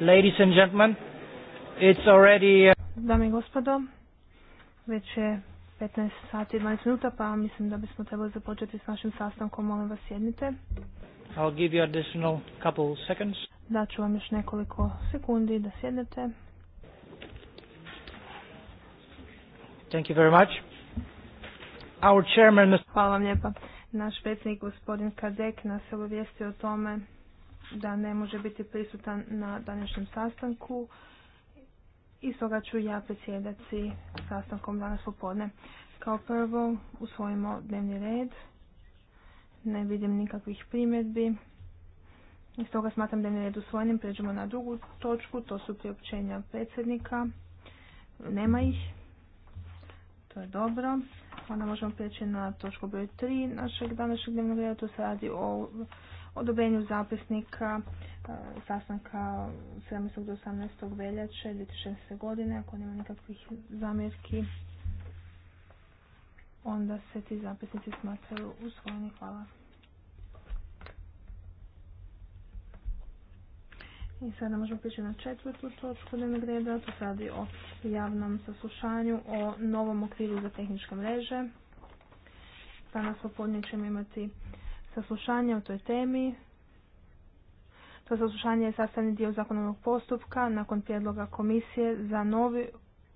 Ladies and gentlemen, it's already... Uh, Dame i gospodo, već je 15 sati i 12 minuta, pa mislim da bismo trebali započeti s našim sastankom. Molim vas, sjednite. I'll give you additional couple seconds. Daću vam još nekoliko sekundi da sjednete. Thank you very much. Our chairman... Hvala vam lijepa. Naš predsjednik gospodin Kadek nas je obavijestio o tome da ne može biti prisutan na današnjem sastanku i stoga ću ja predsjedati sastankom danas popodne. Kao prvo usvojimo dnevni red. Ne vidim nikakvih primjedbi. I stoga smatram dnevni red usvojenim. Pređemo na drugu točku. To su priopćenja predsjednika. Nema ih. To je dobro. Onda možemo prijeći na točku broj 3 našeg današnjeg dnevnog reda. Tu se radi o odobrenju zapisnika e, sastanka 17. do 18. veljače 2016. godine. Ako nema nikakvih zamjerki, onda se ti zapisnici smatraju usvojeni. Hvala. I sada možemo prići na četvrtu točku dnevnog reda. To se radi o javnom saslušanju o novom okviru za tehničke mreže. Danas popodne ćemo imati saslušanje o toj temi. To saslušanje je sastavni dio zakonovnog postupka nakon prijedloga komisije za novi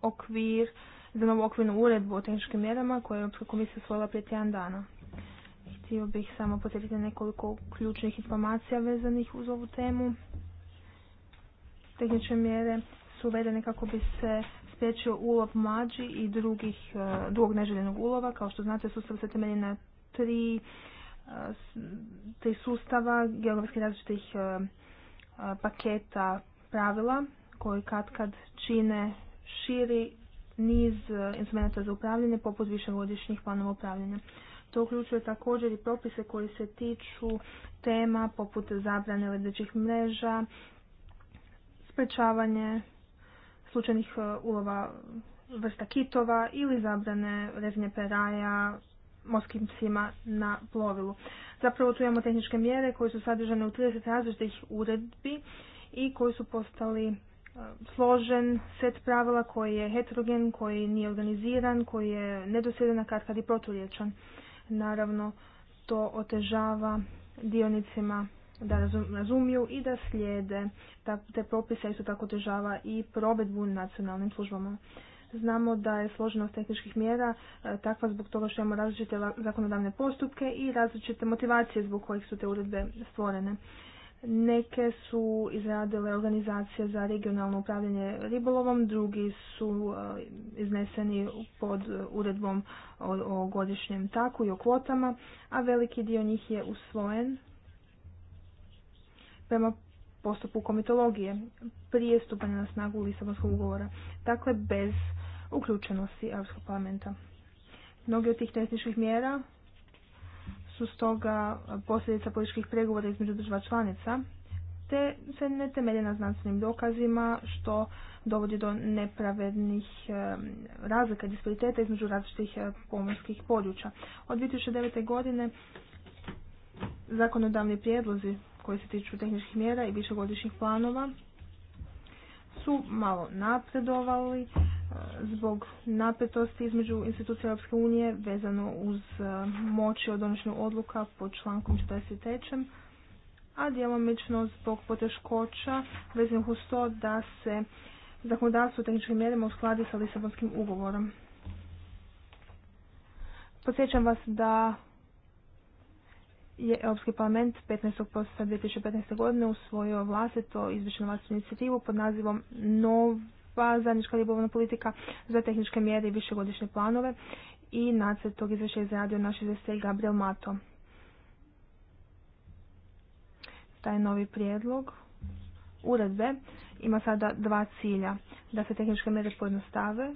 okvir, za novu okvirnu uredbu o tehničkim mjerama koje je Europska komisija usvojila prije tjedan dana. Htio bih samo podsjetiti nekoliko ključnih informacija vezanih uz ovu temu. Tehničke mjere su uvedene kako bi se spriječio ulov mlađi i drugih, eh, drugog neželjenog ulova. Kao što znate, sustav se temelji na tri te sustava geografski različitih e, e, paketa pravila koji kad kad čine širi niz e, instrumenta za upravljanje poput višegodišnjih planova upravljanja. To uključuje također i propise koji se tiču tema poput zabrane ledećih mreža, sprečavanje slučajnih ulova vrsta kitova ili zabrane režnje peraja, morskim psima na plovilu. Zapravo tu imamo tehničke mjere koje su sadržane u 30 različitih uredbi i koji su postali e, složen set pravila koji je heterogen, koji nije organiziran, koji je nedosljedan, kad kad i proturječan. Naravno, to otežava dionicima da razumiju i da slijede te propise, isto tako otežava i probedbu nacionalnim službama. Znamo da je složenost tehničkih mjera e, takva zbog toga što imamo različite zakonodavne postupke i različite motivacije zbog kojih su te uredbe stvorene. Neke su izradile organizacije za regionalno upravljanje ribolovom, drugi su e, izneseni pod uredbom o godišnjem taku i o kvotama, a veliki dio njih je usvojen prema postupku komitologije prije stupanja na snagu Lisabonskog ugovora. Dakle, bez uključenosti Europskog parlamenta. Mnogi od tih tehničkih mjera su stoga posljedica političkih pregovora između država članica, te se ne temelje na znanstvenim dokazima, što dovodi do nepravednih razlika i dispariteta između različitih pomorskih područja. Od 2009. godine zakonodavni prijedlozi koji se tiču tehničkih mjera i višegodišnjih planova su malo napredovali, zbog napetosti između institucija Europske unije vezano uz e, moći o donošenju odluka pod člankom 43. a djelomično zbog poteškoća vezanih uz to da se zakonodavstvo u tehničkim mjerima uskladi sa Lisabonskim ugovorom. Podsjećam vas da je Europski parlament 15. prosinca 2015. godine usvojio vlastito izvršnu inicijativu pod nazivom Nov za zajednička ribovna politika za tehničke mjere i višegodišnje planove i nacrt tog izvješća izradio naš izvjestelj Gabriel Mato. Taj novi prijedlog uredbe ima sada dva cilja. Da se tehničke mjere pojednostave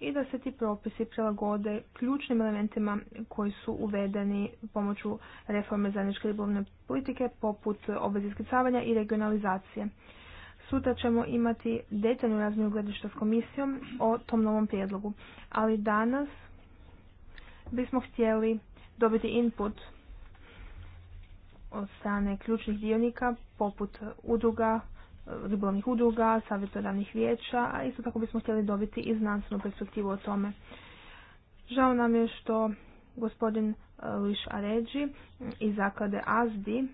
i da se ti propisi prilagode ključnim elementima koji su uvedeni pomoću reforme zajedničke ribolovne politike poput obveze iskrcavanja i regionalizacije. Sutra ćemo imati detaljnu razmiju gledišta s komisijom o tom novom prijedlogu. Ali danas bismo htjeli dobiti input od strane ključnih dionika poput udruga, ribolovnih udruga, savjetodavnih vijeća, a isto tako bismo htjeli dobiti i znanstvenu perspektivu o tome. Žao nam je što gospodin Luis Aređi iz zaklade ASDI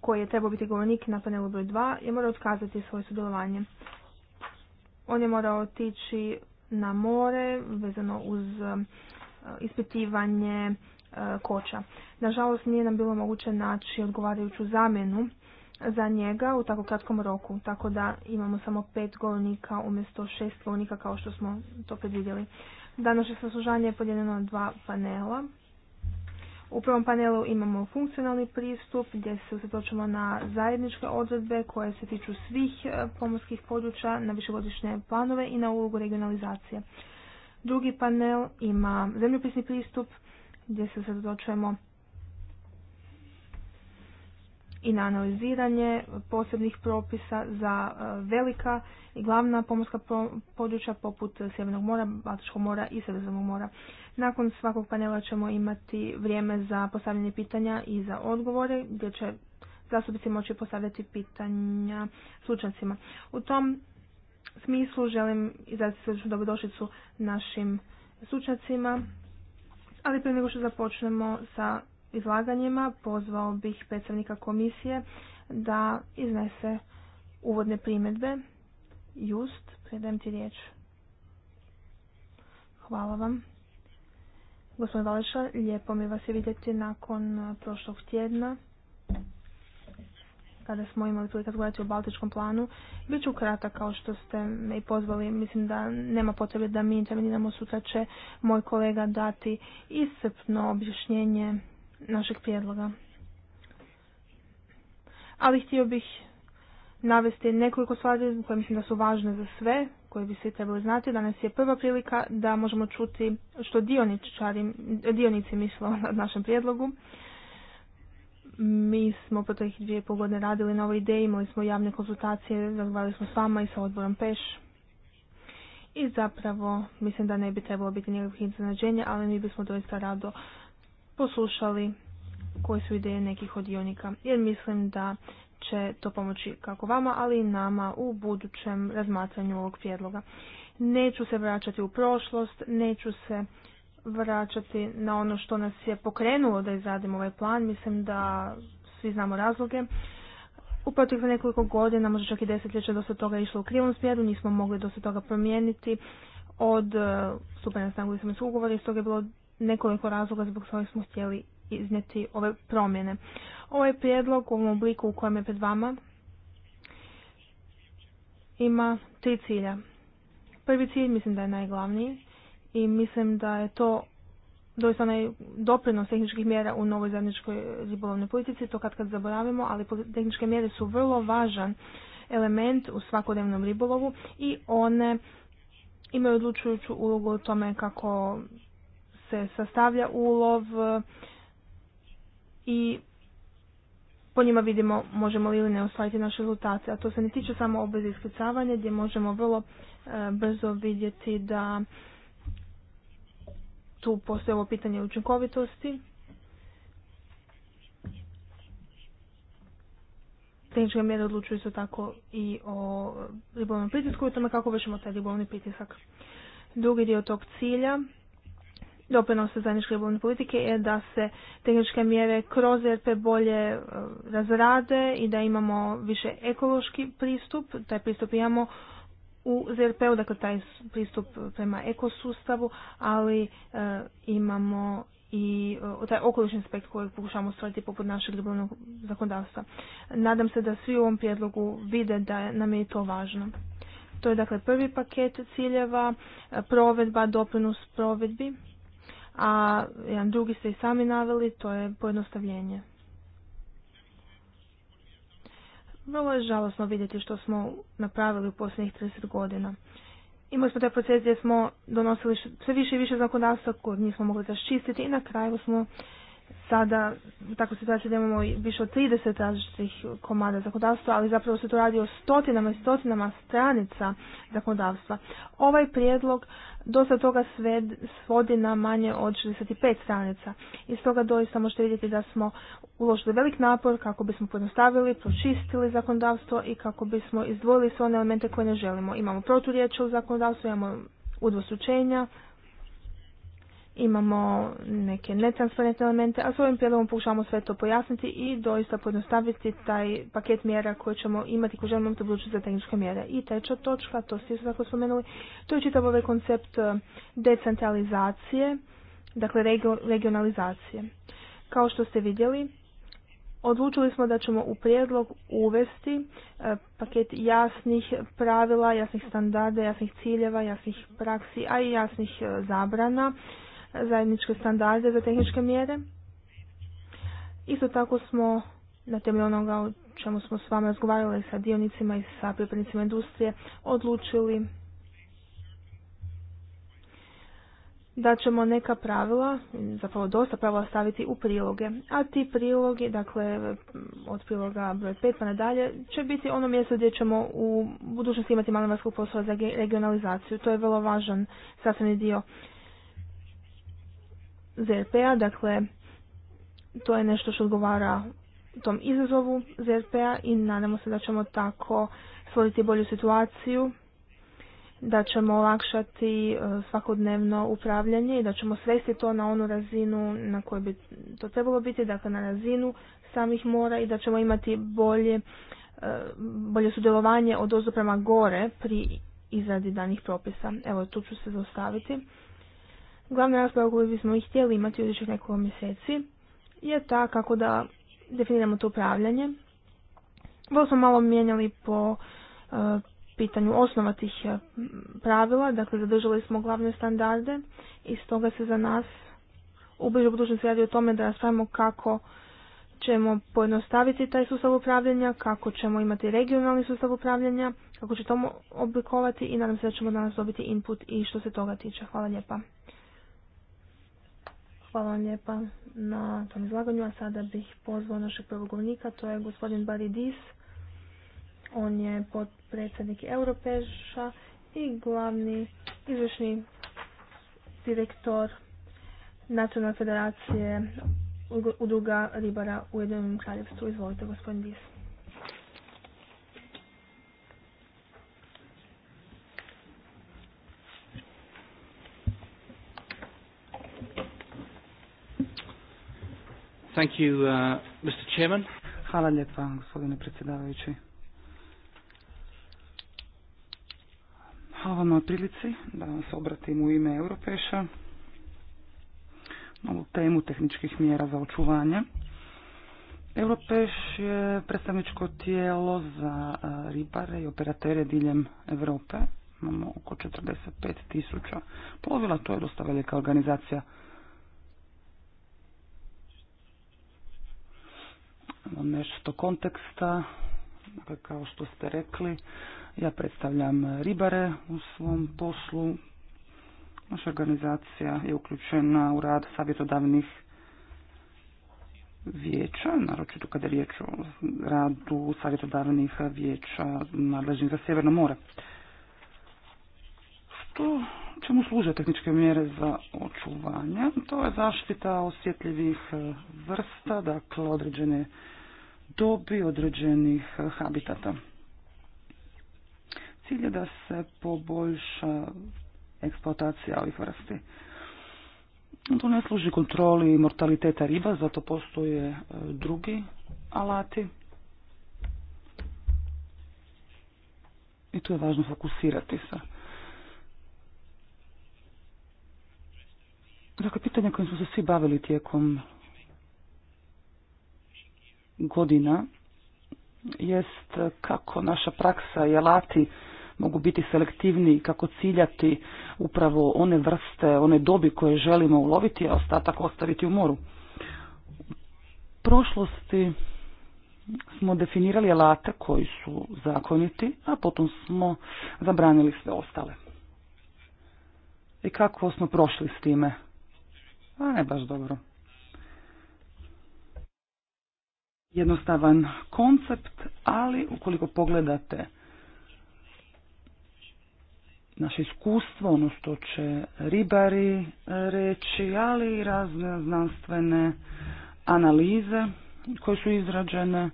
koji je trebao biti govornik na panelu broj 2 je morao otkazati svoje sudjelovanje. On je morao otići na more vezano uz e, ispitivanje e, koča. Nažalost nije nam bilo moguće naći odgovarajuću zamjenu za njega u tako kratkom roku, tako da imamo samo pet govornika umjesto šest govornika kao što smo to predvidjeli. Današnje saslužanje je podijeljeno na dva panela. U prvom panelu imamo funkcionalni pristup gdje se usredočimo na zajedničke odredbe koje se tiču svih e, pomorskih područja, na višegodišnje planove i na ulogu regionalizacije. Drugi panel ima zemljopisni pristup gdje se usredočujemo i na analiziranje posebnih propisa za e, velika i glavna pomorska područja poput Sjevernog mora, Baltičkog mora i Sredozemnog mora. Nakon svakog panela ćemo imati vrijeme za postavljanje pitanja i za odgovore gdje će zastupnici moći postavljati pitanja slučajcima. U tom smislu želim izraziti srčnu dobrodošlicu našim slučajcima, ali prije nego što započnemo sa izlaganjima pozvao bih predstavnika komisije da iznese uvodne primjedbe. Just, predajem ti riječ. Hvala vam. Gospodin Vališa, lijepo mi vas je vidjeti nakon prošlog tjedna kada smo imali prilike razgovarati o Baltičkom planu. Biću kratak kao što ste me i pozvali. Mislim da nema potrebe da mi interveniramo. Sutra će moj kolega dati iscrpno objašnjenje našeg prijedloga. Ali htio bih navesti nekoliko stvari koje mislim da su važne za sve, koje bi svi trebali znati. Danas je prva prilika da možemo čuti što dionici misle o našem prijedlogu. Mi smo proteklih dvije i godine radili na ovoj ideji, imali smo javne konzultacije, razgovarali smo s vama i sa odborom PEŠ. I zapravo mislim da ne bi trebalo biti nikakvih iznenađenja, ali mi bismo doista rado poslušali koje su ideje nekih od dionika, jer mislim da će to pomoći kako vama, ali i nama u budućem razmatranju ovog prijedloga. Neću se vraćati u prošlost, neću se vraćati na ono što nas je pokrenulo da izradimo ovaj plan. Mislim da svi znamo razloge. U proteklih nekoliko godina, možda čak i desetljeća, dosta toga je išlo u krivom smjeru, nismo mogli dosta toga promijeniti od eh, stupanja na snagu ugovora i stoga je bilo nekoliko razloga zbog svoje smo htjeli iznijeti ove promjene. Ovaj prijedlog u ovom obliku u kojem je pred vama ima tri cilja. Prvi cilj mislim da je najglavniji i mislim da je to doista onaj doprinos tehničkih mjera u novoj zajedničkoj ribolovnoj politici, to kad kad zaboravimo, ali tehničke mjere su vrlo važan element u svakodnevnom ribolovu i one imaju odlučujuću ulogu u tome kako se sastavlja ulov i po njima vidimo možemo li ili ne ostaviti naše rezultate. A to se ne tiče samo obveze iskrcavanja gdje možemo vrlo e, brzo vidjeti da tu postoje ovo pitanje učinkovitosti. Tehničke mjere odlučuju se tako i o ribolovnom pritisku i tome kako vršimo taj ribolovni pritisak. Drugi dio tog cilja doprinose zajedničke ribolovne politike je da se tehničke mjere kroz RP bolje e, razrade i da imamo više ekološki pristup. Taj pristup imamo u ZRP-u, dakle taj pristup prema ekosustavu, ali e, imamo i e, taj okolišni aspekt koji pokušavamo stvoriti poput našeg ribolovnog zakonodavstva. Nadam se da svi u ovom prijedlogu vide da nam je to važno. To je dakle prvi paket ciljeva, provedba, doprinos provedbi a jedan drugi ste i sami naveli, to je pojednostavljenje. Vrlo je žalosno vidjeti što smo napravili u posljednjih 30 godina. Imali smo te proces gdje smo donosili sve više i više zakonodavstva koje nismo mogli zaščistiti i na kraju smo sada tako takvoj da imamo više od 30 različitih komada zakonodavstva, ali zapravo se to radi o stotinama i stotinama stranica zakonodavstva. Ovaj prijedlog dosta toga sved svodi na manje od 65 stranica. Iz toga doista možete vidjeti da smo uložili velik napor kako bismo pojednostavili, pročistili zakonodavstvo i kako bismo izdvojili sve one elemente koje ne želimo. Imamo proturječe u zakonodavstvu, imamo udvostručenja, imamo neke netransparentne elemente, a s ovim prijedlogom pokušavamo sve to pojasniti i doista pojednostaviti taj paket mjera koje ćemo imati, koje želimo imati za tehničke mjere. I treća točka, to ste isto tako spomenuli, to je čitav ovaj koncept e, decentralizacije, dakle regionalizacije. Kao što ste vidjeli, odlučili smo da ćemo u prijedlog uvesti e, paket jasnih pravila, jasnih standarda, jasnih ciljeva, jasnih praksi, a i jasnih e, zabrana zajedničke standarde za tehničke mjere. Isto tako smo na temelju onoga o čemu smo s vama razgovarali sa dionicima i sa pripadnicima industrije odlučili da ćemo neka pravila, zapravo dosta pravila staviti u priloge. A ti prilogi, dakle od priloga broj 5 pa nadalje, će biti ono mjesto gdje ćemo u budućnosti imati malo vanjskog poslova za regionalizaciju. To je vrlo važan sastavni dio ZRP-a, dakle to je nešto što odgovara tom izazovu ZRP-a i nadamo se da ćemo tako stvoriti bolju situaciju, da ćemo olakšati e, svakodnevno upravljanje i da ćemo svesti to na onu razinu na kojoj bi to trebalo biti, dakle na razinu samih mora i da ćemo imati bolje, e, bolje sudjelovanje od ozdo prema gore pri izradi danih propisa. Evo, tu ću se zaustaviti. Glavna rasprava koju bismo i htjeli imati u idućih nekoliko mjeseci je ta kako da definiramo to upravljanje. Vrlo smo malo mijenjali po e, pitanju osnova tih e, pravila, dakle zadržali smo glavne standarde i stoga se za nas u bližu budućnosti radi o tome da raspravimo kako ćemo pojednostaviti taj sustav upravljanja, kako ćemo imati regionalni sustav upravljanja, kako će to oblikovati i nadam se da ćemo danas dobiti input i što se toga tiče. Hvala lijepa. Hvala vam lijepa na tom izlaganju, a sada bih pozvao našeg prvog govornika, to je gospodin Bari Dis. On je podpredsjednik Europeša i glavni izvršni direktor Nacionalne federacije udruga ribara u Jedinom kraljevstvu. Izvolite, gospodin Dis. Thank you, uh, Mr. Chairman. Hvala lijepa, gospodine predsjedavajući. Hvala vam na prilici da vam se obratim u ime Europeša ovu temu tehničkih mjera za očuvanje. Europeš je predstavničko tijelo za e, ribare i operatere diljem Europe. Imamo oko 45 tisuća plovila, to je dosta velika organizacija. nešto konteksta. Dakle, kao što ste rekli, ja predstavljam ribare u svom poslu. Naša organizacija je uključena u rad savjetodavnih vijeća, naročito kada je riječ o radu savjetodavnih vijeća nadležnih za Sjeverno more. Što, čemu služe tehničke mjere za očuvanje? To je zaštita osjetljivih vrsta, dakle određene dobi određenih eh, habitata. Cilj je da se poboljša eksploatacija ovih vrsti. To ne služi kontroli mortaliteta riba, zato postoje eh, drugi alati. I tu je važno fokusirati se. Dakle, pitanje kojim smo se svi bavili tijekom godina jest kako naša praksa i alati mogu biti i kako ciljati upravo one vrste, one dobi koje želimo uloviti, a ostatak ostaviti u moru. U prošlosti smo definirali alate koji su zakoniti, a potom smo zabranili sve ostale. I kako smo prošli s time? A ne baš dobro. jednostavan koncept, ali ukoliko pogledate naše iskustvo, ono što će ribari e, reći, ali i razne znanstvene analize koje su izrađene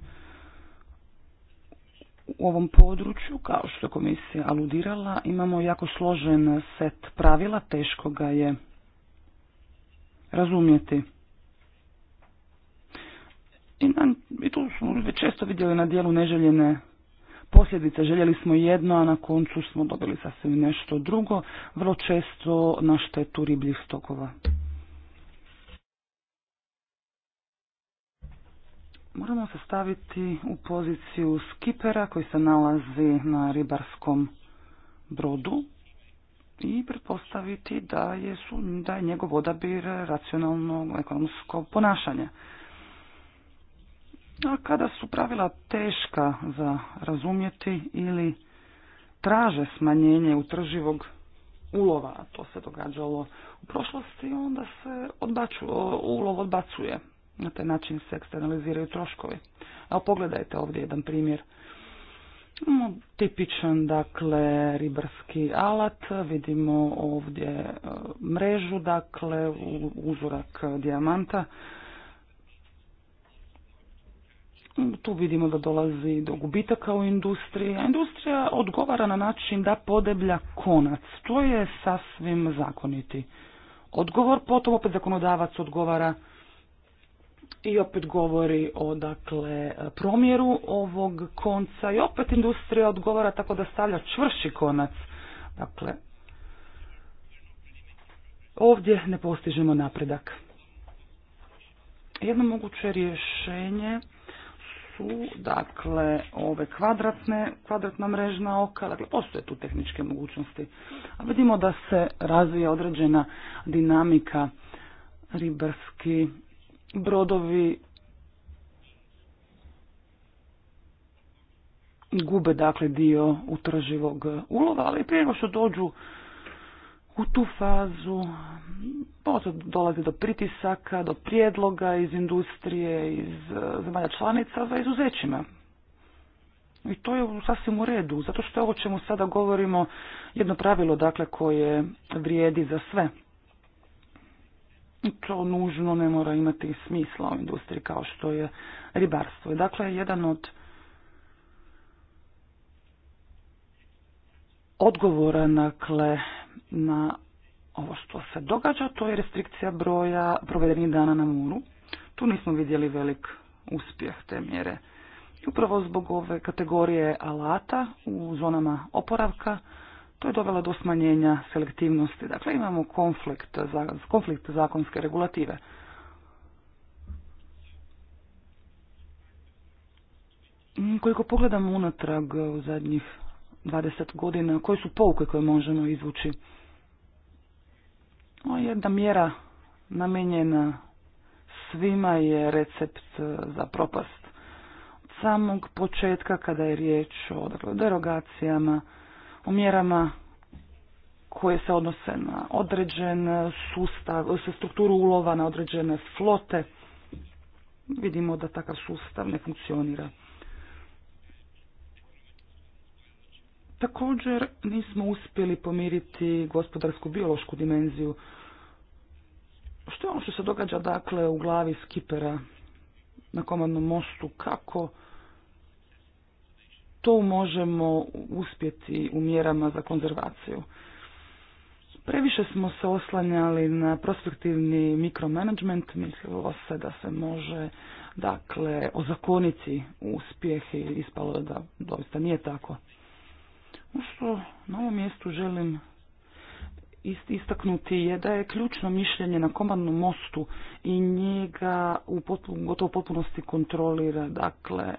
u ovom području, kao što je komisija aludirala, imamo jako složen set pravila, teško ga je razumjeti i tu smo već često vidjeli na dijelu neželjene posljedice. Željeli smo jedno, a na koncu smo dobili sasvim nešto drugo, vrlo često na štetu ribljih stokova. Moramo se staviti u poziciju skipera koji se nalazi na ribarskom brodu i pretpostaviti da je, da je njegov odabir racionalno ekonomsko ponašanje. A kada su pravila teška za razumjeti ili traže smanjenje utrživog ulova, a to se događalo u prošlosti, onda se odbaču, ulov odbacuje. Na taj način se eksternaliziraju troškovi. A pogledajte ovdje jedan primjer. tipičan, dakle, ribarski alat. Vidimo ovdje e, mrežu, dakle, uzorak dijamanta. Tu vidimo da dolazi do gubitaka u industriji, a industrija odgovara na način da podeblja konac. To je sasvim zakoniti odgovor, potom opet zakonodavac odgovara i opet govori o dakle promjeru ovog konca i opet industrija odgovara tako da stavlja čvrši konac. Dakle, ovdje ne postižemo napredak. Jedno moguće rješenje su dakle ove kvadratne, kvadratna mrežna oka, dakle postoje tu tehničke mogućnosti. A vidimo da se razvija određena dinamika ribarski brodovi gube dakle dio utrživog ulova, ali prije nego što dođu u tu fazu možda dolazi do pritisaka, do prijedloga iz industrije, iz e, zemalja članica za izuzećima. I to je sasvim u redu, zato što je ovo čemu sada govorimo jedno pravilo dakle, koje vrijedi za sve. I to nužno ne mora imati smisla u industriji kao što je ribarstvo. Dakle, jedan od odgovora nakle na ovo što se događa, to je restrikcija broja provedenih dana na moru. Tu nismo vidjeli velik uspjeh te mjere. I upravo zbog ove kategorije alata u zonama oporavka, to je dovelo do smanjenja selektivnosti. Dakle, imamo konflikt, konflikt zakonske regulative. Koliko pogledamo unatrag u zadnjih 20 godina, koje su pouke koje možemo izvući? O, jedna mjera namijenjena svima je recept e, za propast. Od samog početka kada je riječ dakle, o derogacijama, o mjerama koje se odnose na određen sustav, e, sa strukturu ulova, na određene flote, vidimo da takav sustav ne funkcionira. Također nismo uspjeli pomiriti gospodarsku biološku dimenziju. Što je ono što se događa dakle u glavi skipera na komandnom mostu? Kako to možemo uspjeti u mjerama za konzervaciju? Previše smo se oslanjali na prospektivni mikromanagement, mislilo se da se može dakle ozakoniti uspjeh i ispalo da doista nije tako. Ono što na ovom mjestu želim istaknuti je da je ključno mišljenje na komandnom mostu i njega u potpun, gotovo potpunosti kontrolira, dakle,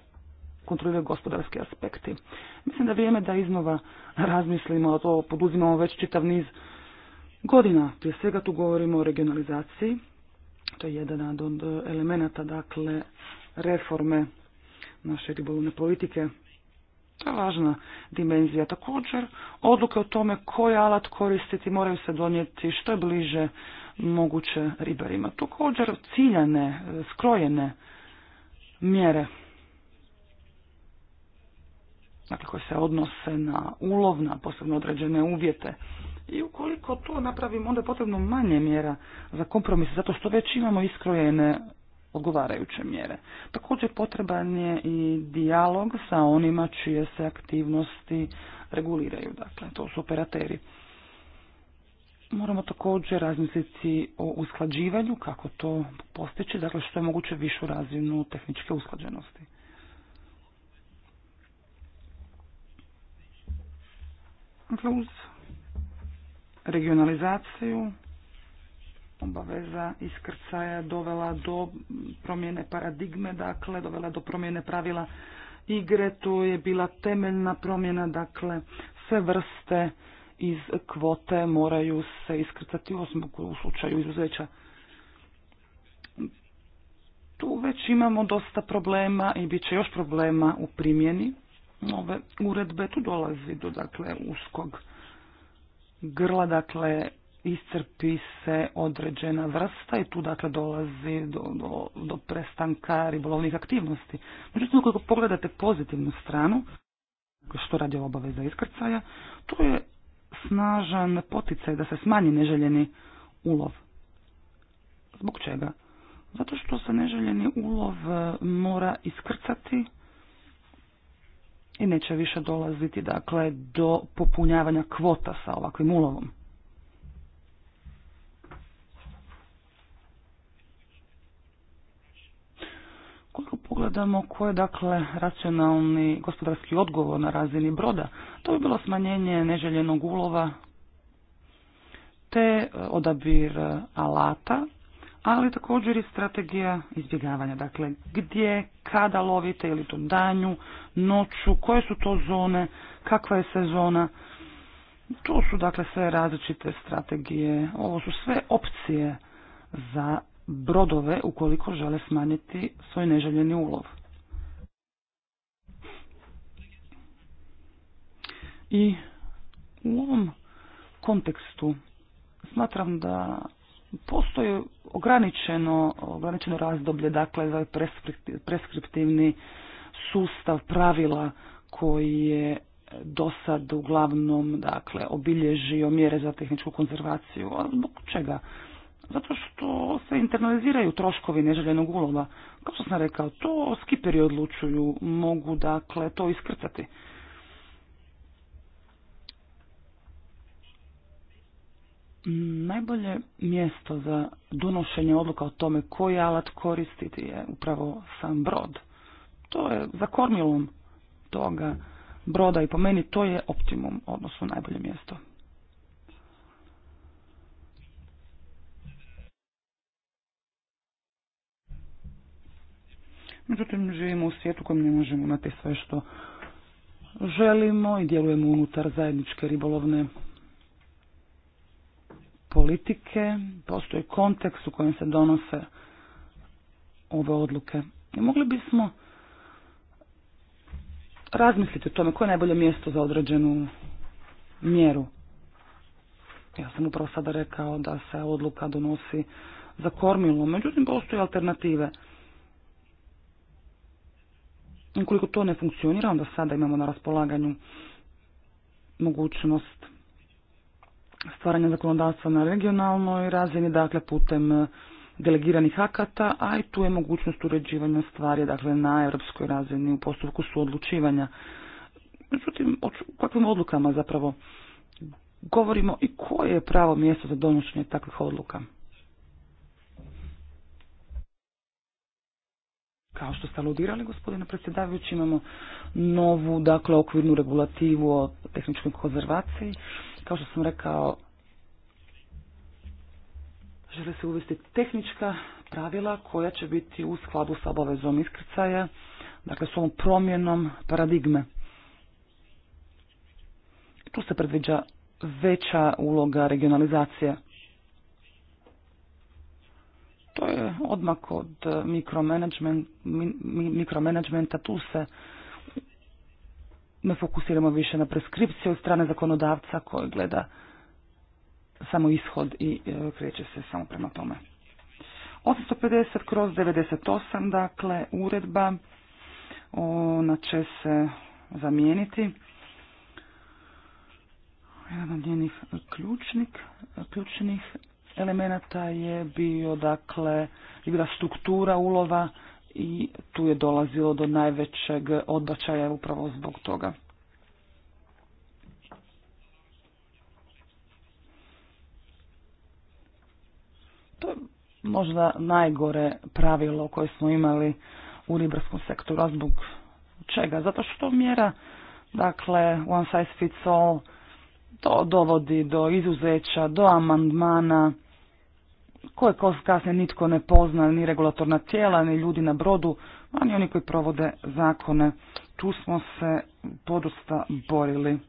kontrolira gospodarski aspekti. Mislim da je vrijeme da iznova razmislimo, a to poduzimamo već čitav niz godina. Prije svega tu govorimo o regionalizaciji, to je jedan od elemenata, dakle, reforme naše ribolovne politike. To je važna dimenzija. Također, odluke o tome koji alat koristiti moraju se donijeti što je bliže moguće ribarima. Također, ciljane, skrojene mjere dakle, koje se odnose na ulov, na posebno određene uvjete. I ukoliko to napravimo, onda je potrebno manje mjera za kompromis, zato što već imamo iskrojene odgovarajuće mjere. Također potreban je i dijalog sa onima čije se aktivnosti reguliraju, dakle to su operateri. Moramo također razmisliti o usklađivanju, kako to postići, dakle što je moguće višu razinu tehničke usklađenosti. Dakle, uz regionalizaciju obaveza iskrcaja dovela do promjene paradigme, dakle dovela do promjene pravila igre, To je bila temeljna promjena, dakle sve vrste iz kvote moraju se iskrcati osmog u slučaju izuzeća. Tu već imamo dosta problema i bit će još problema u primjeni ove uredbe. Tu dolazi do dakle uskog grla, dakle iscrpi se određena vrsta i tu dakle dolazi do, do, do prestanka ribolovnih aktivnosti. Međutim, ako pogledate pozitivnu stranu, što radi obaveza iskrcaja, to je snažan poticaj da se smanji neželjeni ulov. Zbog čega? Zato što se neželjeni ulov e, mora iskrcati i neće više dolaziti dakle do popunjavanja kvota sa ovakvim ulovom. Koliko pogledamo koje je dakle racionalni gospodarski odgovor na razini broda, to bi bilo smanjenje neželjenog ulova te e, odabir e, alata, ali također i strategija izbjegavanja. Dakle, gdje, kada lovite ili to danju, noću, koje su to zone, kakva je sezona. To su dakle sve različite strategije. Ovo su sve opcije za brodove ukoliko žele smanjiti svoj neželjeni ulov. I u ovom kontekstu smatram da postoji ograničeno, ograničeno razdoblje, dakle za preskriptivni sustav pravila koji je do sad uglavnom dakle, obilježio mjere za tehničku konzervaciju. zbog čega zato što se internaliziraju troškovi neželjenog ulova. Kao što sam rekao, to skiperi odlučuju, mogu dakle to iskrcati. Najbolje mjesto za donošenje odluka o tome koji alat koristiti je upravo sam brod. To je za kormilom toga broda i po meni to je optimum, odnosno najbolje mjesto. Međutim, živimo u svijetu u kojem ne možemo imati sve što želimo i djelujemo unutar zajedničke ribolovne politike. Postoji kontekst u kojem se donose ove odluke. I mogli bismo razmisliti o tome koje je najbolje mjesto za određenu mjeru. Ja sam upravo sada rekao da se odluka donosi za kormilo, međutim postoje alternative. Ukoliko to ne funkcionira, onda sada imamo na raspolaganju mogućnost stvaranja zakonodavstva na regionalnoj razini, dakle putem eh, delegiranih akata, a i tu je mogućnost uređivanja stvari dakle, na europskoj razini u postupku suodlučivanja. Međutim, o kakvim odlukama zapravo govorimo i koje je pravo mjesto za donošenje takvih odluka? Kao što ste aludirali, gospodine predsjedavajući, imamo novu, dakle, okvirnu regulativu o tehničkoj konzervaciji. Kao što sam rekao, žele se uvesti tehnička pravila koja će biti u skladu sa obavezom iskrcaja, dakle, s ovom promjenom paradigme. Tu se predviđa veća uloga regionalizacije. To je odmak od eh, mikromanagement, Tu se ne fokusiramo više na preskripciju od strane zakonodavca koji gleda samo ishod i eh, kreće se samo prema tome. 850 kroz 98, dakle, uredba, ona će se zamijeniti. Jedan od njenih ključnih elemenata je bio dakle bila struktura ulova i tu je dolazilo do najvećeg odbačaja upravo zbog toga. To je možda najgore pravilo koje smo imali u ribarskom sektoru, zbog čega? Zato što mjera, dakle, one size fits all, to dovodi do izuzeća, do amandmana, koje kasnije nitko ne pozna, ni regulatorna tijela, ni ljudi na brodu, a ni oni koji provode zakone. Tu smo se podosta borili.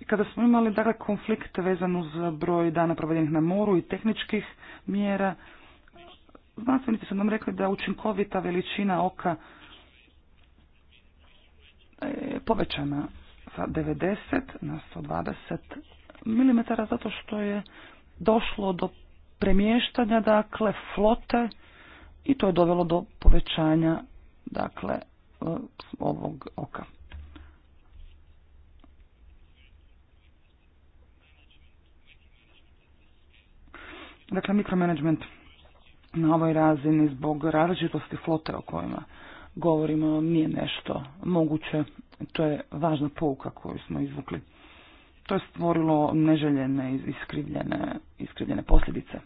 I kada smo imali dakle, konflikt vezan uz broj dana provedenih na moru i tehničkih mjera, znanstvenici su nam rekli da učinkovita veličina oka je povećana sa 90 na 120 milimetara zato što je došlo do premještanja dakle flote i to je dovelo do povećanja dakle e, ovog oka. Dakle, mikromanagement na ovoj razini zbog različitosti flote o kojima govorimo nije nešto moguće. To je važna pouka koju smo izvukli. To je stvorilo neželjene, iskrivljene, iskrivljene posljedice.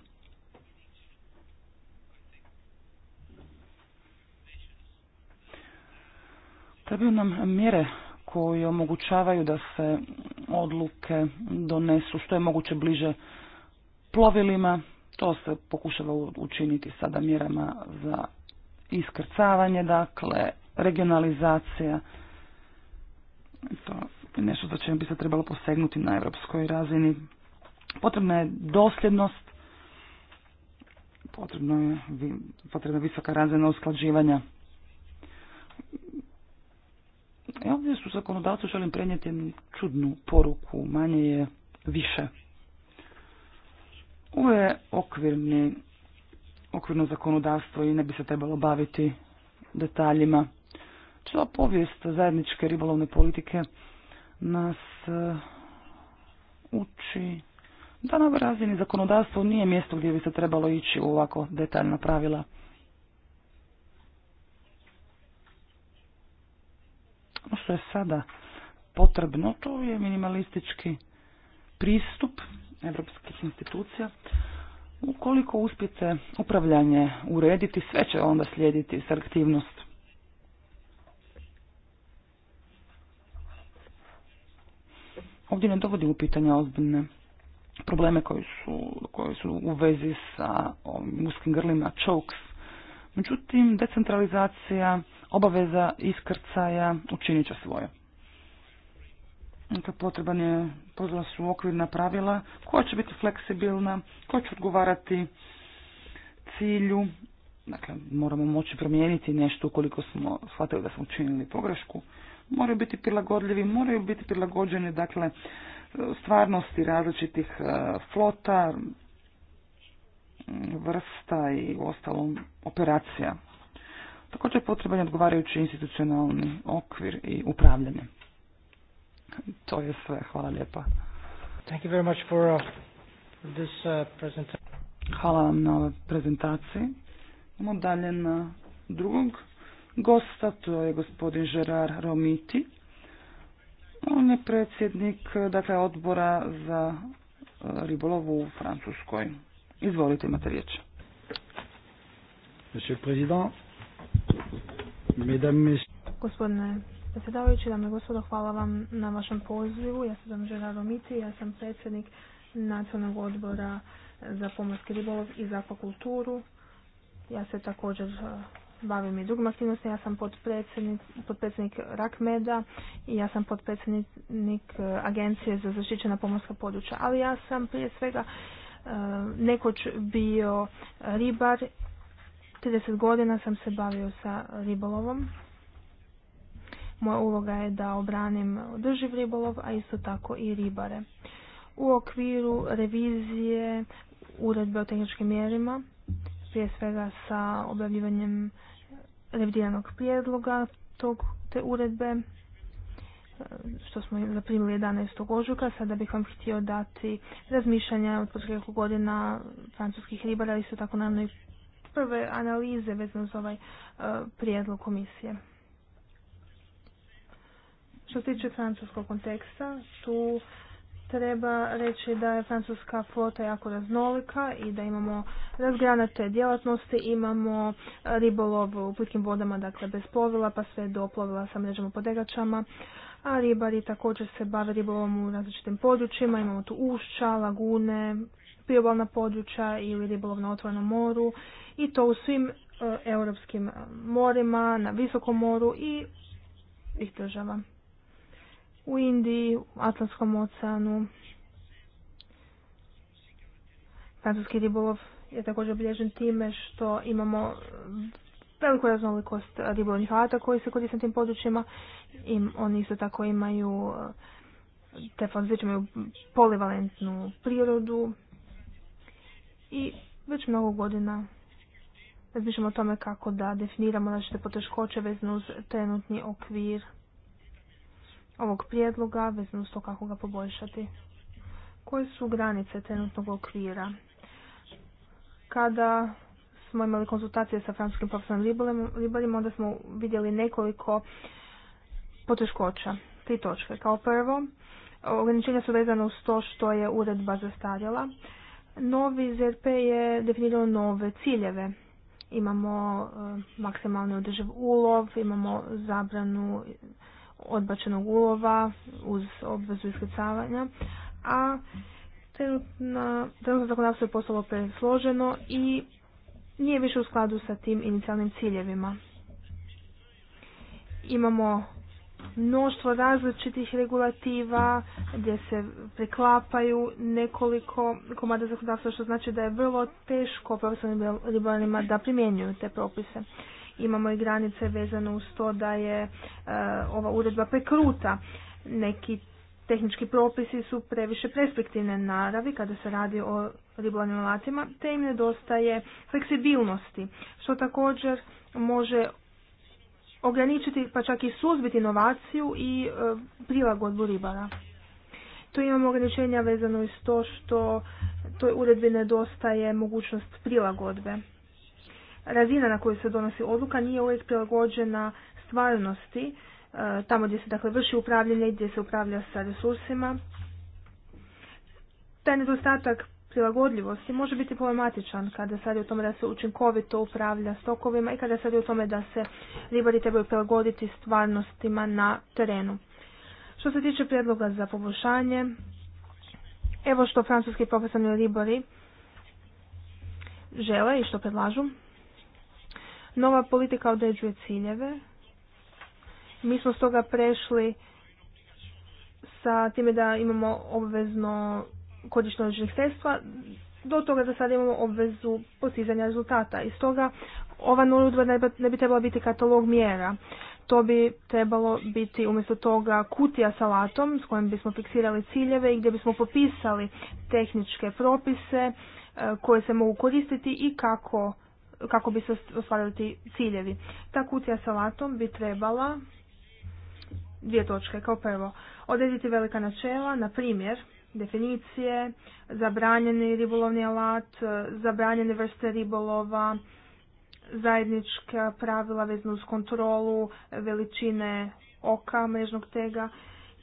Trebaju nam mjere koje omogućavaju da se odluke donesu što je moguće bliže plovilima. To se pokušava učiniti sada mjerama za iskrcavanje, dakle, regionalizacija. To nešto za čemu bi se trebalo posegnuti na europskoj razini. Potrebna je dosljednost, potrebno je, potrebna je visoka razina usklađivanja. I e, ovdje su zakonodavcu želim prenijeti čudnu poruku, manje je više. Ovo je okvirni, okvirno zakonodavstvo i ne bi se trebalo baviti detaljima. Čela povijest zajedničke ribolovne politike nas e, uči da na razini zakonodavstvo nije mjesto gdje bi se trebalo ići u ovako detaljna pravila. Ono što je sada potrebno, to je minimalistički pristup evropskih institucija. Ukoliko uspijete upravljanje urediti, sve će onda slijediti s aktivnost. ovdje ne dovodi u pitanje ozbiljne probleme koji su, koji su u vezi sa muskim grlima chokes. Međutim, decentralizacija, obaveza iskrcaja učinit će svoje. Dakle, potreban je, pozvala su okvirna pravila koja će biti fleksibilna, koja će odgovarati cilju. Dakle, moramo moći promijeniti nešto ukoliko smo shvatili da smo učinili pogrešku moraju biti prilagodljivi, moraju biti prilagođeni dakle stvarnosti različitih e, flota, vrsta i ostalom operacija. Također potreban je odgovarajući institucionalni okvir i upravljanje. To je sve. Hvala lijepa. Thank you very much for uh, this uh, Hvala vam na ovoj prezentaciji. Imamo dalje na drugog gosta, to je gospodin Žerar Romiti. On je predsjednik dakle, odbora za e, ribolovu u Francuskoj. Izvolite, imate riječ. Monsieur le Président, Gospodine predsjedavajući, dame gospodo, hvala vam na vašem pozivu. Ja sam Žerar Romiti, ja sam predsjednik Nacionalnog odbora za pomorski ribolov i za akvakulturu. Ja se također bavim i drugim aktivnostima. Ja sam potpredsjednik Rakmeda i ja sam potpredsjednik e, Agencije za zaštićena pomorska područja. Ali ja sam prije svega e, nekoć bio ribar. 30 godina sam se bavio sa ribolovom. Moja uloga je da obranim održiv ribolov, a isto tako i ribare. U okviru revizije uredbe o tehničkim mjerima prije svega sa objavljivanjem revidiranog prijedloga tog, te uredbe e, što smo zaprimili 11. ožujka. Sada bih vam htio dati razmišljanja od početku godina francuskih ribara, isto tako naravno i prve analize vezano za ovaj e, prijedlog komisije. Što se tiče francuskog konteksta, tu treba reći da je francuska flota jako raznolika i da imamo razgranate djelatnosti, imamo e, ribolov u plitkim vodama, dakle bez plovila pa sve do plovila sa mrežama podegačama, a ribari također se bave ribolovom u različitim područjima, imamo tu ušća, lagune, priobalna područja ili ribolov na otvorenom moru i to u svim e, europskim e, morima, na visokom moru i ih država u Indiji, u Atlantskom oceanu. Francuski ribolov je također obilježen time što imamo veliku raznolikost ribolovnih alata koji se koriste tim područjima. I oni isto tako imaju te imaju polivalentnu prirodu i već mnogo godina razmišljamo o tome kako da definiramo naše poteškoće vezno uz trenutni okvir ovog prijedloga vezano s to kako ga poboljšati. Koje su granice trenutnog okvira? Kada smo imali konzultacije sa francuskim profesorom ribarima, onda smo vidjeli nekoliko poteškoća. Tri točke. Kao prvo, ograničenja su vezana uz to što je uredba zastarjala. Novi ZRP je definirao nove ciljeve. Imamo eh, maksimalni održiv ulov, imamo zabranu odbačenog ulova uz obvezu iskrcavanja, a trenutno zakonodavstvo je postalo presloženo i nije više u skladu sa tim inicijalnim ciljevima. Imamo mnoštvo različitih regulativa gdje se preklapaju nekoliko komada zakonodavstva što znači da je vrlo teško profesionalnim ribarima da primjenjuju te propise imamo i granice vezano uz to da je e, ova uredba prekruta. Neki tehnički propisi su previše perspektivne naravi kada se radi o ribolovnim alatima, te im nedostaje fleksibilnosti, što također može ograničiti pa čak i suzbiti inovaciju i e, prilagodbu ribara. Tu imamo ograničenja vezano iz to što toj uredbi nedostaje mogućnost prilagodbe razina na koju se donosi odluka nije uvijek prilagođena stvarnosti, e, tamo gdje se dakle vrši upravljanje i gdje se upravlja sa resursima. Taj nedostatak prilagodljivosti može biti problematičan kada se je o tome da se učinkovito upravlja stokovima i kada se radi o tome da se ribari trebaju prilagoditi stvarnostima na terenu. Što se tiče prijedloga za poboljšanje, evo što francuski profesionalni ribari žele i što predlažu. Nova politika određuje ciljeve. Mi smo stoga prešli sa time da imamo obvezno korištenje određenih sredstva do toga da sad imamo obvezu postizanja rezultata. I stoga ova nuludba ne bi trebala biti katalog mjera. To bi trebalo biti umjesto toga kutija sa latom s kojim bismo fiksirali ciljeve i gdje bismo popisali tehničke propise e, koje se mogu koristiti i kako kako bi se ostvarili ti ciljevi. Ta kutija sa latom bi trebala dvije točke. Kao prvo, odrediti velika načela, na primjer, definicije, zabranjeni ribolovni alat, zabranjene vrste ribolova, zajednička pravila vezna uz kontrolu veličine oka mrežnog tega.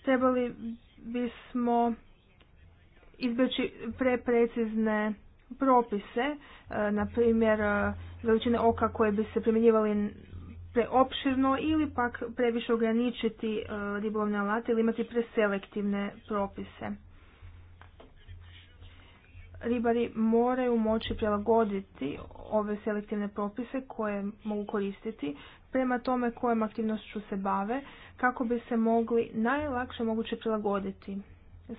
Trebali bismo izbjeći preprecizne propise, e, na primjer e, veličine oka koje bi se primjenjivali preopširno ili pak previše ograničiti e, ribolovne alate ili imati preselektivne propise. Ribari moraju moći prilagoditi ove selektivne propise koje mogu koristiti prema tome kojom aktivnošću se bave kako bi se mogli najlakše moguće prilagoditi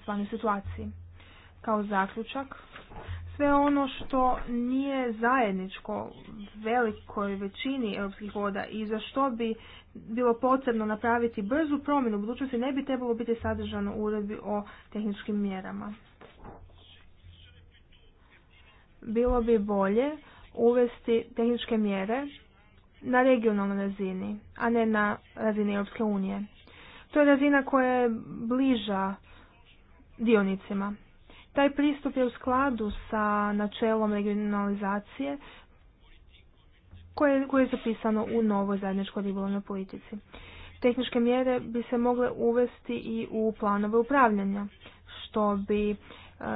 stvarnoj situaciji. Kao zaključak, sve ono što nije zajedničko velikoj većini europskih voda i za što bi bilo potrebno napraviti brzu promjenu u budućnosti ne bi trebalo biti sadržano u uredbi o tehničkim mjerama. Bilo bi bolje uvesti tehničke mjere na regionalnoj razini, a ne na razini Europske unije. To je razina koja je bliža dionicima. Taj pristup je u skladu sa načelom regionalizacije koje, je zapisano u novoj zajedničkoj ribolovnoj politici. Tehničke mjere bi se mogle uvesti i u planove upravljanja, što bi e,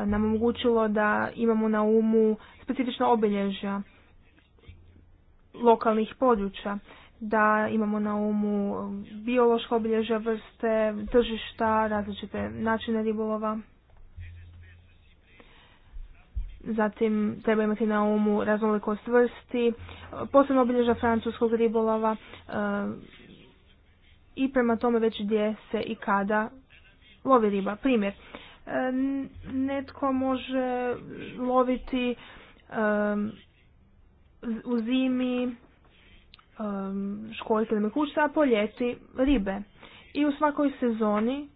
nam omogućilo da imamo na umu specifična obilježja lokalnih područja, da imamo na umu biološka obilježja vrste, tržišta, različite načine ribolova. Zatim treba imati na umu raznolikost vrsti, posebno obilježa francuskog ribolova eh, i prema tome već gdje se i kada lovi riba. Primjer, eh, netko može loviti eh, u zimi školjke ili mekušce, a po ljeti ribe. I u svakoj sezoni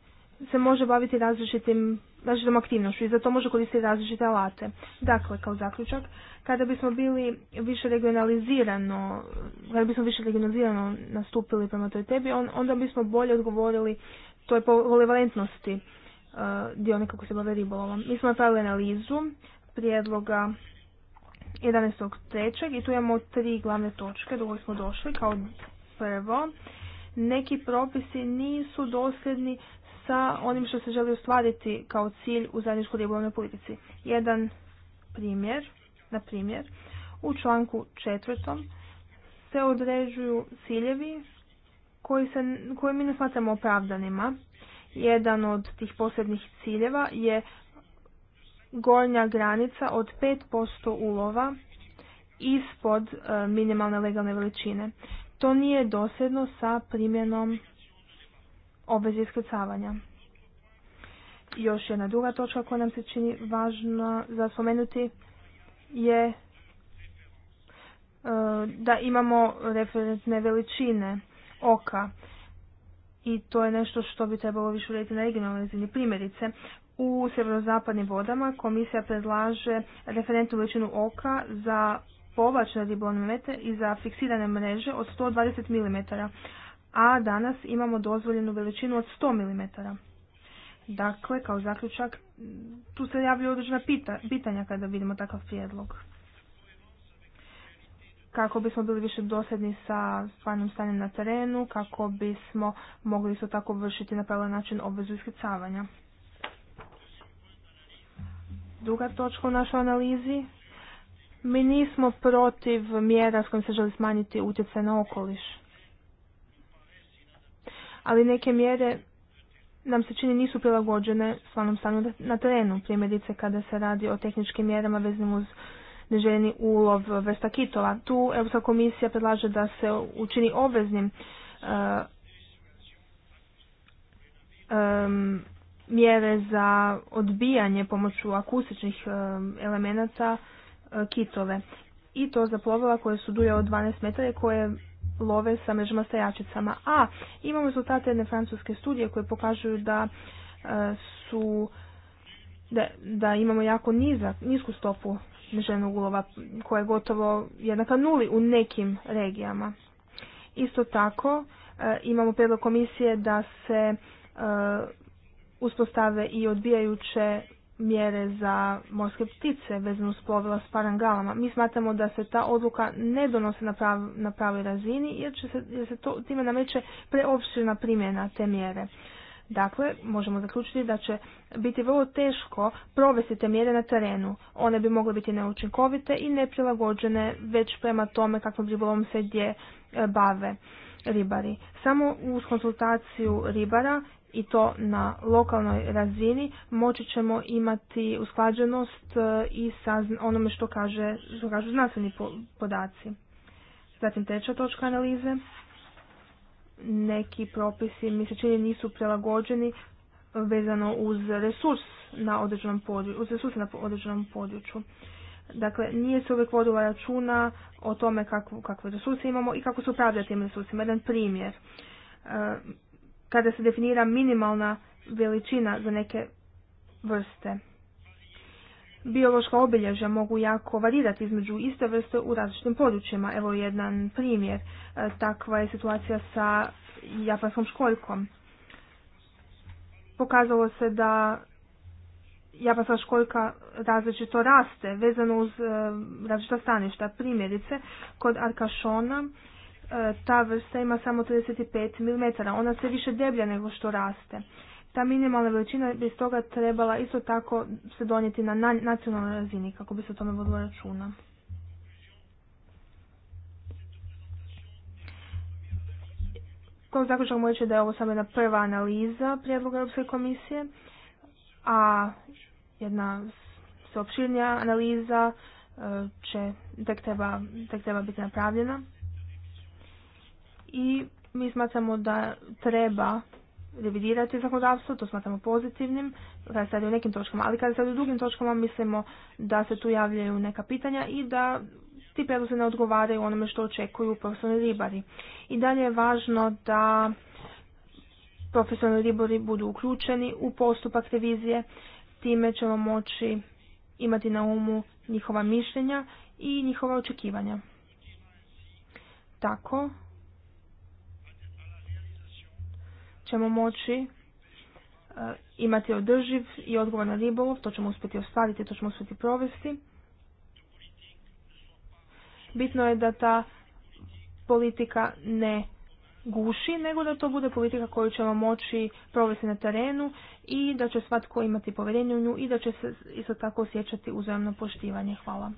se može baviti različitim različitom aktivnošću i za to može koristiti različite alate. Dakle, kao zaključak, kada bismo bili više regionalizirano, kada bismo više regionalizirano nastupili prema toj tebi, onda bismo bolje odgovorili toj polivalentnosti uh, dionika koji se bave ribolovom. Mi smo napravili analizu prijedloga 11.3. i tu imamo tri glavne točke do koje smo došli. Kao prvo, neki propisi nisu dosljedni sa onim što se želi ostvariti kao cilj u zajedničkoj ribolovnoj politici. Jedan primjer, na primjer, u članku četvrtom se određuju ciljevi koji, se, koji mi ne smatramo opravdanima. Jedan od tih posebnih ciljeva je gornja granica od 5% ulova ispod e, minimalne legalne veličine. To nije dosjedno sa primjenom obvezi iskrcavanja. Još jedna druga točka koja nam se čini važna za spomenuti je e, da imamo referentne veličine oka i to je nešto što bi trebalo više urediti na regionalnoj razini. Primjerice, u sjeverozapadnim vodama komisija predlaže referentnu veličinu oka za povlačne ribolovne i za fiksirane mreže od 120 mm, a danas imamo dozvoljenu veličinu od 100 mm. Dakle, kao zaključak, tu se javljaju određena pitanja kada vidimo takav prijedlog. Kako bismo bili više dosjedni sa stvarnim stanjem na terenu, kako bismo mogli isto tako vršiti na pravilan način obvezu iskrcavanja. Druga točka u našoj analizi. Mi nismo protiv mjera s kojim se želi smanjiti utjecaj na okoliš ali neke mjere nam se čini nisu prilagođene stvarnom stanju na terenu. Primjerice kada se radi o tehničkim mjerama veznim uz neželjeni ulov vrsta kitova. Tu Europska komisija predlaže da se učini obveznim eh, mjere za odbijanje pomoću akustičnih elemenata eh, kitove. I to za plovila koje su dulje od 12 metara i koje love sa mrežama stajačicama. A imamo rezultate jedne francuske studije koje pokažuju da e, su da, imamo jako nizak, nisku stopu neželjenog ulova koja je gotovo jednaka nuli u nekim regijama. Isto tako e, imamo predlog komisije da se e, uspostave i odbijajuće mjere za morske ptice vezano uz plovila s parangalama. Mi smatramo da se ta odluka ne donosi na, prav, na pravoj razini jer, će se, jer se to time nameće preopširna primjena te mjere. Dakle, možemo zaključiti da će biti vrlo teško provesti te mjere na terenu. One bi mogle biti neučinkovite i neprilagođene već prema tome kakvom ribolovom se gdje e, bave ribari. Samo uz konsultaciju ribara i to na lokalnoj razini moći ćemo imati usklađenost e, i sa onome što, kaže, što kažu znanstveni podaci. Zatim treća točka analize. Neki propisi mi se čini nisu prilagođeni vezano uz resurs na određenom području, uz resurs na određenom području. Dakle, nije se uvijek vodila računa o tome kakve resurse imamo i kako se upravlja tim resursima. Jedan primjer. E, kada se definira minimalna veličina za neke vrste. Biološka obilježja mogu jako varirati između iste vrste u različitim područjima. Evo jedan primjer. E, takva je situacija sa japanskom školjkom. Pokazalo se da japanska školjka različito raste vezano uz e, različita staništa. Primjerice, kod Arkašona E, ta vrsta ima samo 35 mm, ona se više deblja nego što raste. Ta minimalna veličina bi stoga trebala isto tako se donijeti na nacionalnoj razini kako bi se o tome vodilo računa. to zaključak mogu reći da je ovo samo jedna prva analiza prijedloga Europske komisije, a jedna sveopširnija analiza e, će tek treba biti napravljena i mi smatramo da treba revidirati zakonodavstvo, to smatramo pozitivnim, kada se radi o nekim točkama, ali kada se radi o drugim točkama mislimo da se tu javljaju neka pitanja i da ti se ne odgovaraju onome što očekuju profesionalni ribari. I dalje je važno da profesionalni ribari budu uključeni u postupak revizije, time ćemo moći imati na umu njihova mišljenja i njihova očekivanja. Tako ćemo moći e, imati održiv i na ribolov, to ćemo uspjeti ostaviti, to ćemo uspjeti provesti. Bitno je da ta politika ne guši, nego da to bude politika koju ćemo moći provesti na terenu i da će svatko imati povjerenje u nju i da će se isto tako osjećati uzajemno poštivanje. Hvala.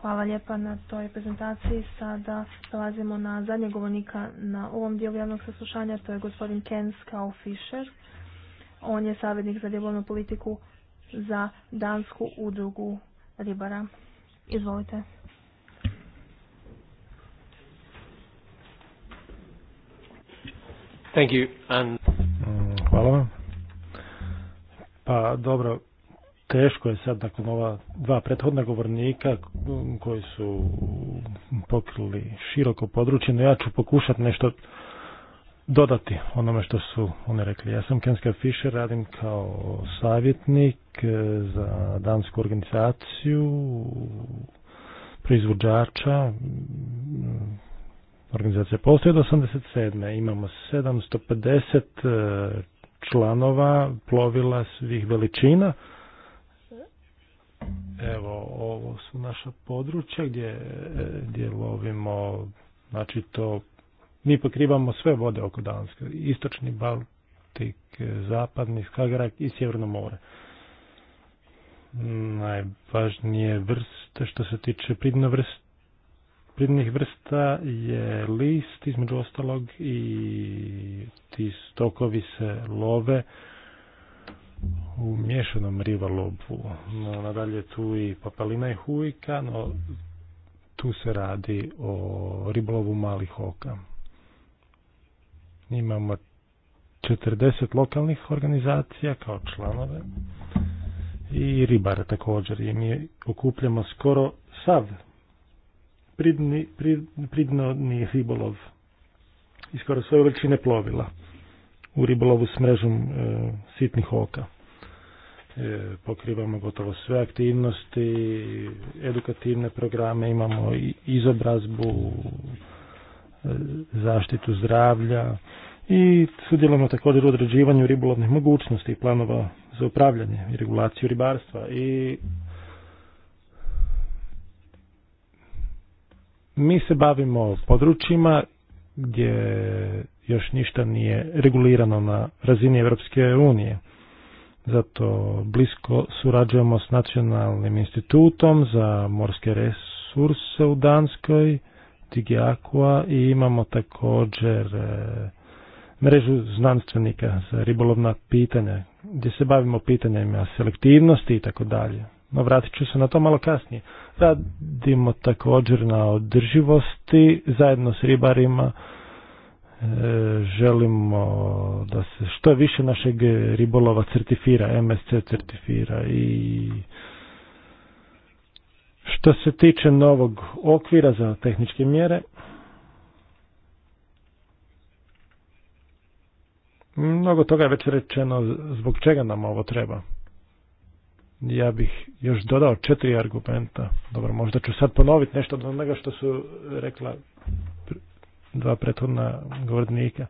Hvala lijepa na toj prezentaciji. Sada prelazimo na zadnjeg govornika na ovom dijelu javnog saslušanja, to je gospodin Ken Skau On je savjetnik za ribolovnu politiku za Dansku udrugu ribara. Izvolite. Mm, hvala vam. Pa dobro, teško je sad nakon ova dva prethodna govornika koji su pokrili široko područje, no ja ću pokušati nešto dodati onome što su oni rekli. Ja sam Kenska Fischer, radim kao savjetnik e, za dansku organizaciju proizvođača mm, organizacija postoje od 87. Imamo 750 e, članova plovila svih veličina Evo, ovo su naša područja gdje, e, gdje lovimo, znači to, mi pokrivamo sve vode oko Danske, istočni Baltik, e, zapadni Skagerak i Sjeverno more. Najvažnije vrste što se tiče pridna vrsta, pridnih vrsta je list između ostalog i ti stokovi se love u miješanom rivalobu. No, nadalje tu i papalina i hujka, no tu se radi o ribolovu malih oka. Imamo 40 lokalnih organizacija kao članove i ribara također i mi okupljamo skoro sav pridni, prid, pridnodni ribolov i skoro sve veličine plovila u ribolovu s mrežom e, sitnih oka. E, pokrivamo gotovo sve aktivnosti, edukativne programe, imamo i izobrazbu, e, zaštitu zdravlja i sudjelujemo također u određivanju ribolovnih mogućnosti i planova za upravljanje i regulaciju ribarstva i mi se bavimo područjima gdje još ništa nije regulirano na razini Europske unije. Zato blisko surađujemo s Nacionalnim institutom za morske resurse u Danskoj, i imamo također e, mrežu znanstvenika za ribolovna pitanja gdje se bavimo pitanjima selektivnosti i tako dalje. No vratit ću se na to malo kasnije. Radimo također na održivosti zajedno s ribarima želimo da se što više našeg ribolova certifira, MSC certifira i što se tiče novog okvira za tehničke mjere, mnogo toga je već rečeno zbog čega nam ovo treba. Ja bih još dodao četiri argumenta. Dobro, možda ću sad ponoviti nešto od onoga što su rekla dva prethodna govornika.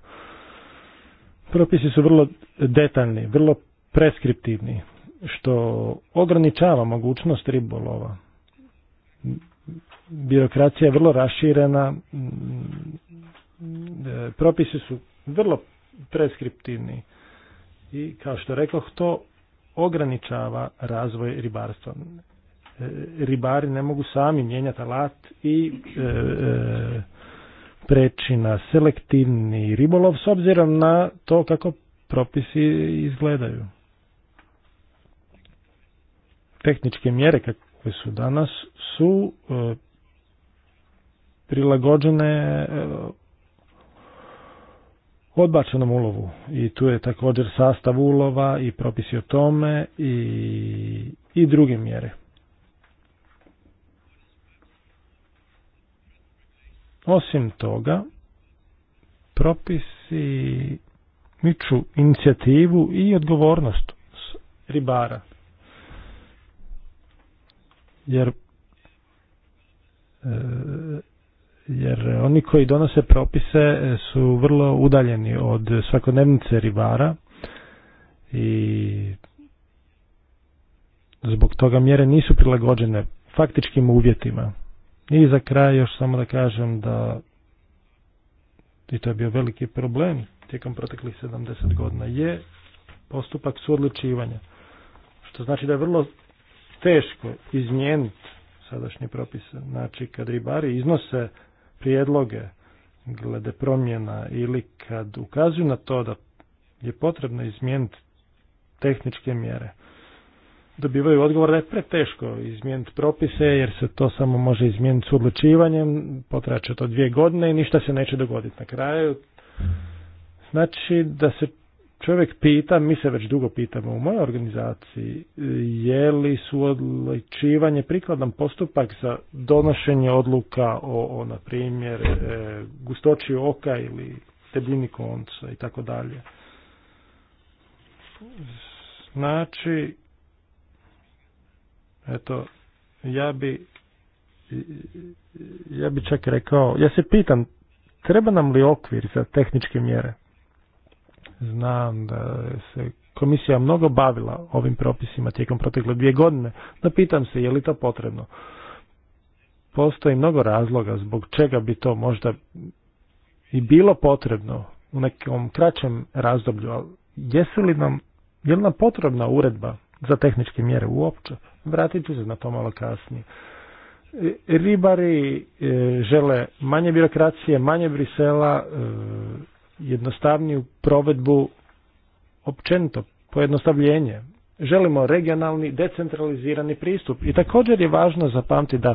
Propisi su vrlo detaljni, vrlo preskriptivni, što ograničava mogućnost ribolova. Birokracija je vrlo raširena, mm, propisi su vrlo preskriptivni i kao što rekoh to ograničava razvoj ribarstva. E, ribari ne mogu sami mijenjati alat i e, e, preći na selektivni ribolov s obzirom na to kako propisi izgledaju. Tehničke mjere kakve su danas su e, prilagođene e, odbačenom ulovu i tu je također sastav ulova i propisi o tome i, i druge mjere. Osim toga, propisi miču inicijativu i odgovornost ribara. Jer e, jer oni koji donose propise su vrlo udaljeni od svakodnevnice ribara i zbog toga mjere nisu prilagođene faktičkim uvjetima. I za kraj još samo da kažem da i to je bio veliki problem tijekom proteklih 70 godina je postupak suodlučivanja. Što znači da je vrlo teško izmijeniti sadašnje propise. Znači kad ribari iznose prijedloge glede promjena ili kad ukazuju na to da je potrebno izmijeniti tehničke mjere dobivaju odgovor da je preteško izmijeniti propise jer se to samo može izmijeniti s odlučivanjem, potraće to dvije godine i ništa se neće dogoditi na kraju. Znači da se čovjek pita, mi se već dugo pitamo u mojoj organizaciji, je li su odlučivanje prikladan postupak za donošenje odluka o, na primjer, e, gustoći oka ili debljini konca i tako dalje. Znači, Eto, ja bi ja bi čak rekao, ja se pitam, treba nam li okvir za tehničke mjere? Znam da se komisija mnogo bavila ovim propisima tijekom protekle dvije godine, no pitam se je li to potrebno. Postoji mnogo razloga zbog čega bi to možda i bilo potrebno u nekom kraćem razdoblju, ali jesu li nam, je li nam potrebna uredba za tehničke mjere uopće? Vratit ću se na to malo kasnije. E, ribari e, žele manje birokracije, manje Brisela, e, jednostavniju provedbu općenito, pojednostavljenje. Želimo regionalni, decentralizirani pristup. I također je važno zapamti da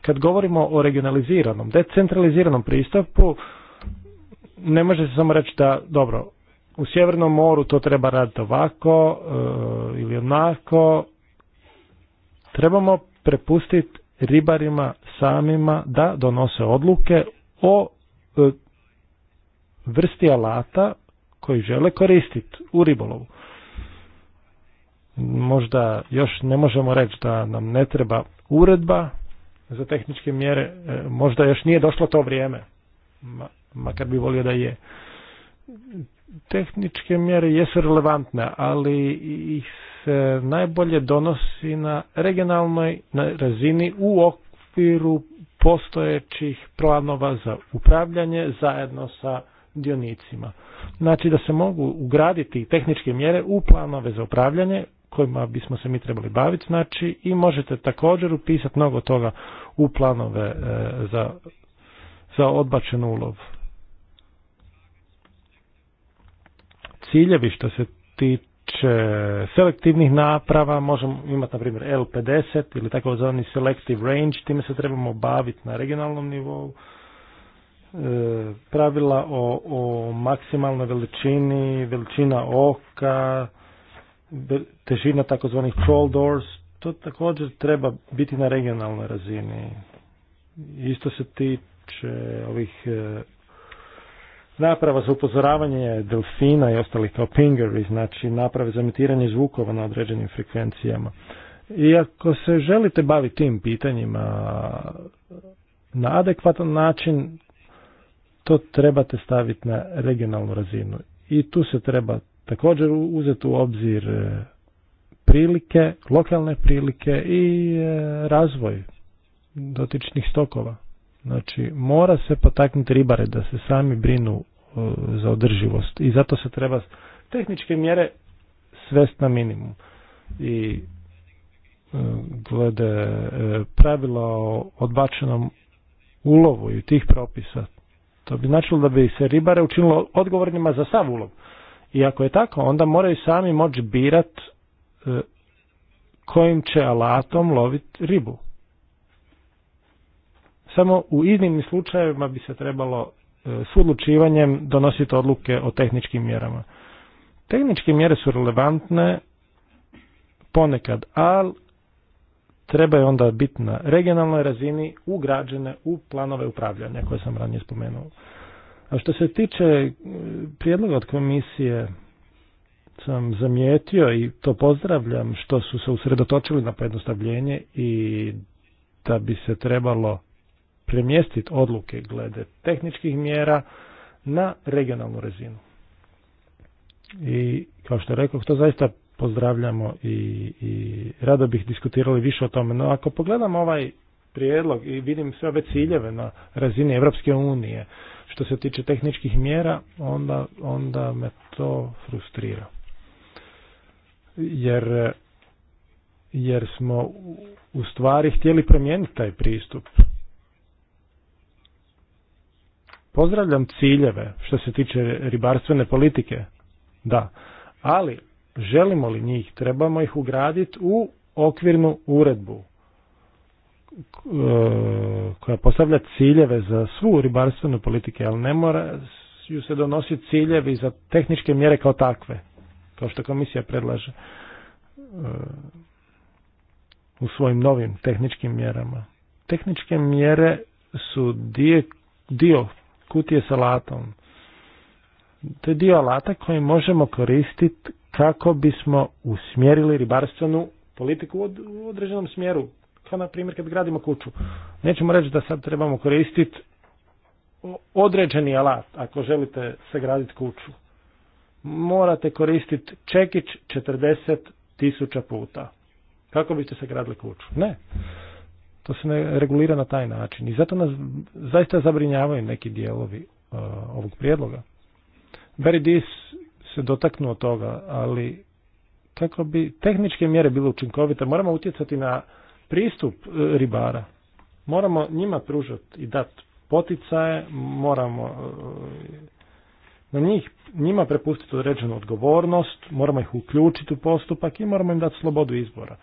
kad govorimo o regionaliziranom, decentraliziranom pristupu, ne može se samo reći da, dobro, u Sjevernom moru to treba raditi ovako ili onako, trebamo prepustiti ribarima samima da donose odluke o e, vrsti alata koji žele koristiti u ribolovu. Možda još ne možemo reći da nam ne treba uredba za tehničke mjere, e, možda još nije došlo to vrijeme, makar bi volio da je tehničke mjere jesu relevantne, ali ih se najbolje donosi na regionalnoj razini u okviru postojećih planova za upravljanje zajedno sa dionicima. Znači da se mogu ugraditi tehničke mjere u planove za upravljanje kojima bismo se mi trebali baviti, znači i možete također upisati mnogo toga u planove e, za, za odbačen ulov. ciljevi što se tiče selektivnih naprava, možemo imati na primjer L50 ili takozvani selective range, time se trebamo baviti na regionalnom nivou. E, pravila o, o maksimalnoj veličini, veličina oka, težina takozvanih troll doors, to također treba biti na regionalnoj razini. Isto se tiče ovih e, naprava za upozoravanje delfina i ostalih kao pingeri, znači naprave za emitiranje zvukova na određenim frekvencijama. I ako se želite baviti tim pitanjima na adekvatan način, to trebate staviti na regionalnu razinu. I tu se treba također uzeti u obzir e, prilike, lokalne prilike i e, razvoj dotičnih stokova. Znači, mora se potaknuti ribare da se sami brinu E, za održivost. I zato se treba tehničke mjere svest na minimum. I e, glede e, pravila o odbačenom ulovu i tih propisa, to bi značilo da bi se ribare učinilo odgovornima za sav ulov. I ako je tako, onda moraju sami moći birat kojim će alatom loviti ribu. Samo u iznimnim slučajevima bi se trebalo E, s odlučivanjem donositi odluke o tehničkim mjerama. Tehničke mjere su relevantne ponekad, ali treba je onda biti na regionalnoj razini ugrađene u planove upravljanja koje sam ranije spomenuo. A što se tiče e, prijedloga od komisije, sam zamijetio i to pozdravljam što su se usredotočili na pojednostavljenje i da bi se trebalo premjestiti odluke glede tehničkih mjera na regionalnu razinu. I kao što rekao, to zaista pozdravljamo i, i rado bih diskutirali više o tome. No ako pogledam ovaj prijedlog i vidim sve ove ciljeve na razini Europske unije što se tiče tehničkih mjera, onda, onda me to frustrira. Jer, jer smo u stvari htjeli promijeniti taj pristup Pozdravljam ciljeve što se tiče ribarstvene politike, da, ali želimo li njih, trebamo ih ugraditi u okvirnu uredbu eh, koja postavlja ciljeve za svu ribarstvenu politike, ali ne mora ju se donositi ciljevi za tehničke mjere kao takve, kao što komisija predlaže eh, u svojim novim tehničkim mjerama. Tehničke mjere su dio kutije sa alatom. To je dio alata koji možemo koristiti kako bismo usmjerili ribarstvenu politiku u određenom smjeru. Kao na primjer kad gradimo kuću. Nećemo reći da sad trebamo koristiti određeni alat ako želite sagraditi kuću. Morate koristiti čekić 40 tisuća puta. Kako biste sagradili kuću? Ne. To se ne regulira na taj način i zato nas zaista zabrinjavaju neki dijelovi e, ovog prijedloga. Barry Dis se dotaknuo toga, ali kako bi tehničke mjere bile učinkovite, moramo utjecati na pristup e, ribara. Moramo njima pružati i dati poticaje, moramo e, na njih, njima prepustiti određenu odgovornost, moramo ih uključiti u postupak i moramo im dati slobodu izbora.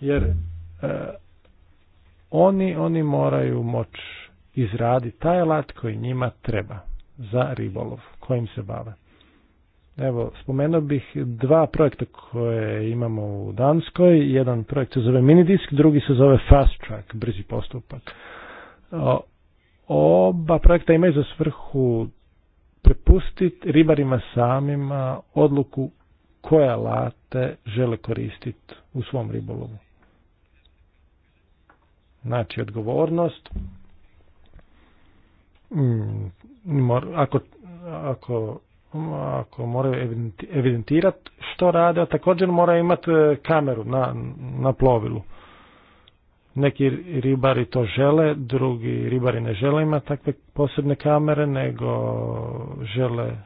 Jer oni, oni moraju moć izraditi taj alat koji njima treba za ribolov kojim se bave. Evo, spomenuo bih dva projekta koje imamo u Danskoj. Jedan projekt se zove Minidisk, drugi se zove Fast Track, brzi postupak. Oba projekta imaju za svrhu prepustiti ribarima samima odluku koje alate žele koristiti u svom ribolovu. Znači, odgovornost, mm, ako, ako, ako moraju evidentirati što rade, a također moraju imati e, kameru na, na plovilu. Neki ribari to žele, drugi ribari ne žele imati takve posebne kamere, nego žele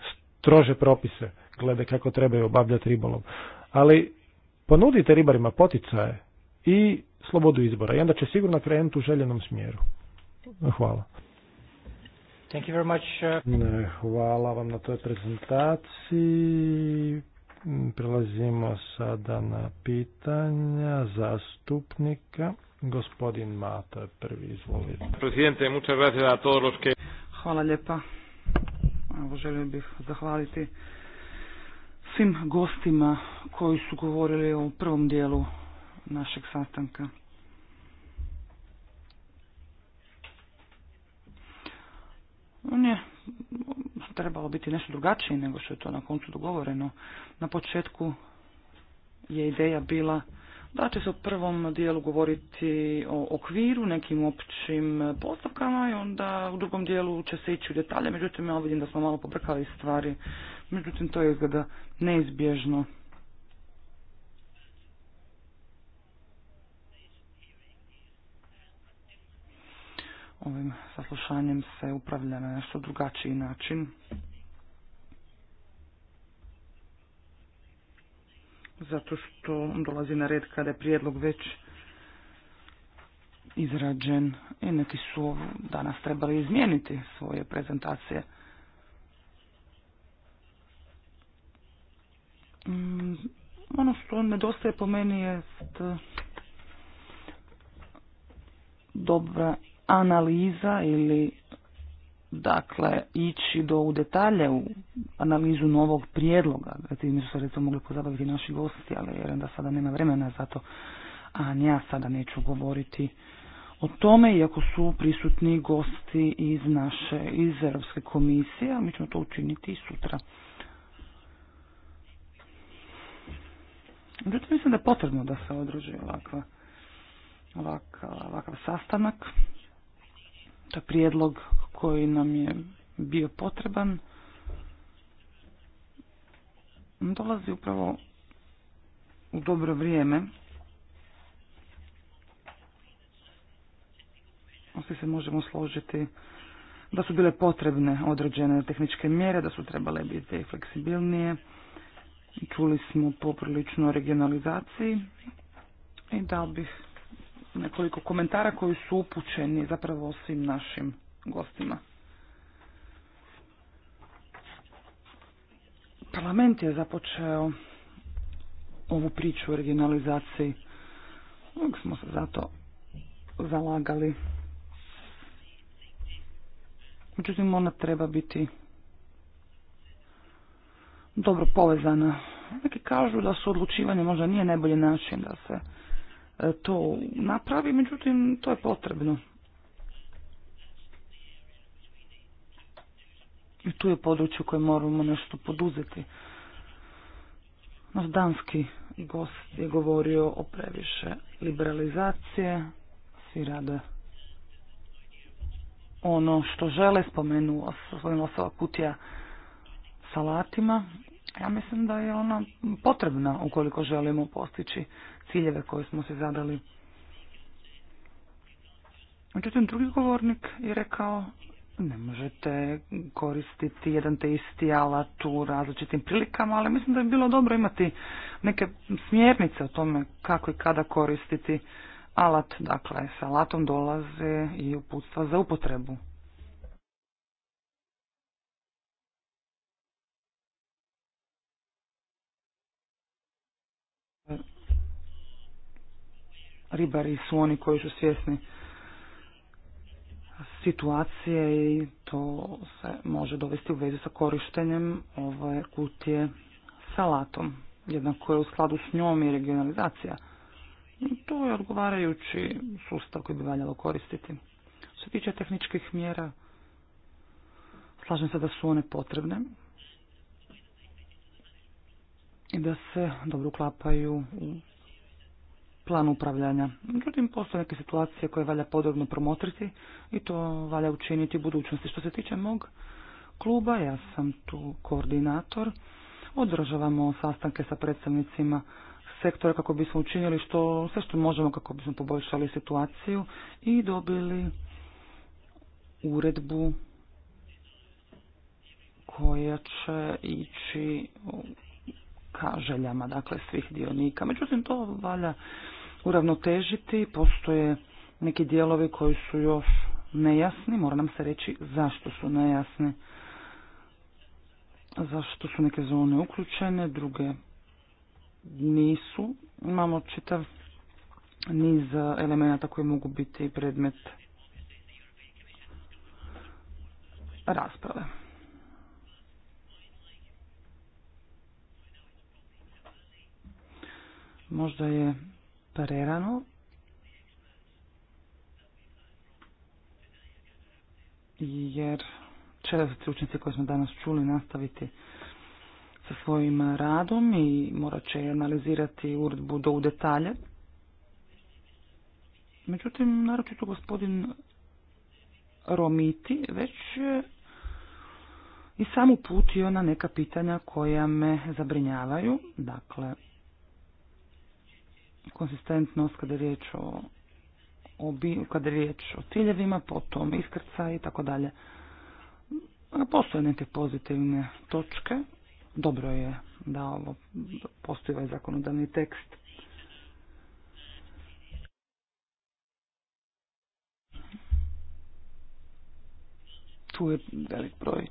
strože propise glede kako trebaju obavljati ribolov. Ali ponudite ribarima poticaje i slobodu izbora i onda će sigurno krenuti u željenom smjeru. Hvala. Thank you very much. Uh, hvala vam na toj prezentaciji. Prelazimo sada na pitanja zastupnika. Gospodin Mata, prvi izvolite. Hvala lijepa. Evo, želio bih zahvaliti svim gostima koji su govorili o prvom dijelu našeg sastanka. On je trebalo biti nešto drugačije nego što je to na koncu dogovoreno. Na početku je ideja bila da će se u prvom dijelu govoriti o okviru, nekim općim postavkama i onda u drugom dijelu će se ići u detalje, međutim ja vidim da smo malo pobrkali stvari, međutim to je izgleda neizbježno. ovim saslušanjem se upravlja na nešto drugačiji način. Zato što dolazi na red kada je prijedlog već izrađen i neki su danas trebali izmijeniti svoje prezentacije. Mm, ono što nedostaje po meni je dobra analiza ili dakle ići do u detalje u analizu novog prijedloga. mi su se recimo mogli pozabaviti naši gosti, ali vjerujem da sada nema vremena zato A ja sada neću govoriti o tome, iako su prisutni gosti iz naše, iz Europske komisije, a mi ćemo to učiniti sutra. Zato mislim da je potrebno da se održi ovakva, ovakav, ovakav sastanak. To prijedlog koji nam je bio potreban. Dolazi upravo u dobro vrijeme. Svi se možemo složiti da su bile potrebne određene tehničke mjere, da su trebale biti fleksibilnije. Čuli smo poprilično regionalizaciji i da bih nekoliko komentara koji su upućeni zapravo svim našim gostima. Parlament je započeo ovu priču o regionalizaciji. Uvijek smo se zato zalagali. Međutim, ona treba biti dobro povezana. Neki kažu da su odlučivanje možda nije najbolji način da se E, to napravi, međutim to je potrebno. I tu je područje koje moramo nešto poduzeti. Naš danski gost je govorio o previše liberalizacije, svi rade ono što žele, spomenuo, svojim svojim kutija salatima. Ja mislim da je ona potrebna ukoliko želimo postići ciljeve koje smo se zadali. Međutim, drugi govornik je rekao ne možete koristiti jedan te isti alat u različitim prilikama, ali mislim da bi bilo dobro imati neke smjernice o tome kako i kada koristiti alat. Dakle, sa alatom dolaze i uputstva za upotrebu. ribari su oni koji su svjesni situacije i to se može dovesti u vezi sa korištenjem ove kutije salatom. Jednako je u skladu s njom i regionalizacija. I to je odgovarajući sustav koji bi valjalo koristiti. Što se tiče tehničkih mjera, slažem se da su one potrebne i da se dobro uklapaju u plan upravljanja. Međutim, postoje neke situacije koje valja podobno promotriti i to valja učiniti u budućnosti. Što se tiče mog kluba, ja sam tu koordinator, održavamo sastanke sa predstavnicima sektora kako bismo učinili što, sve što možemo kako bismo poboljšali situaciju i dobili uredbu koja će ići ka željama dakle, svih dionika. Međutim, to valja uravnotežiti. Postoje neki dijelovi koji su još nejasni, mora nam se reći zašto su nejasni. Zašto su neke zone uključene, druge nisu. Imamo čitav niz elemenata koji mogu biti predmet rasprave. Možda je prerano. Jer će učnici koje smo danas čuli nastaviti sa svojim radom i morat će analizirati uredbu do u detalje. Međutim, naročito gospodin Romiti već i sam uputio na neka pitanja koja me zabrinjavaju. Dakle, konsistentnost kada je riječ o kada je riječ o ciljevima, potom iskrca i tako dalje. Postoje neke pozitivne točke. Dobro je da ovo postoji ovaj zakonodavni tekst. Tu je velik broj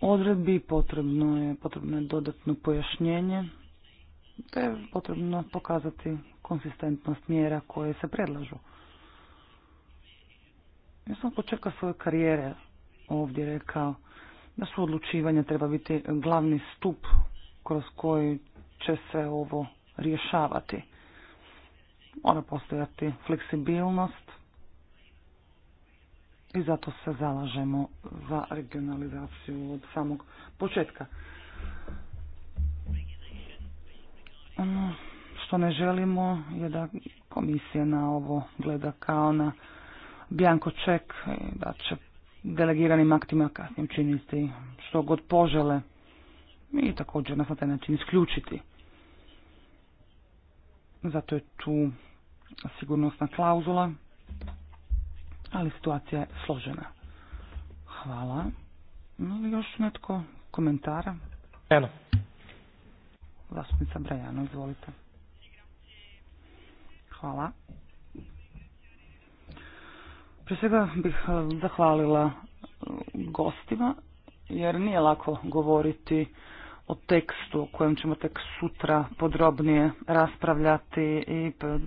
odredbi, potrebno je, potrebno je dodatno pojašnjenje te je potrebno pokazati konsistentnost mjera koje se predlažu. Ja sam početka svoje karijere ovdje rekao da su odlučivanja treba biti glavni stup kroz koji će se ovo rješavati. Mora postojati fleksibilnost i zato se zalažemo za regionalizaciju od samog početka. ne želimo je da komisija na ovo gleda kao na bjanko ček, da će delegiranim aktima kasnije činiti što god požele i također nas na taj način isključiti. Zato je tu sigurnosna klauzula, ali situacija je složena. Hvala. Ima još netko komentara? Eno. Zastupnica Brajano, izvolite. Hvala. Prije svega bih e, zahvalila e, gostima, jer nije lako govoriti o tekstu o kojem ćemo tek sutra podrobnije raspravljati i e,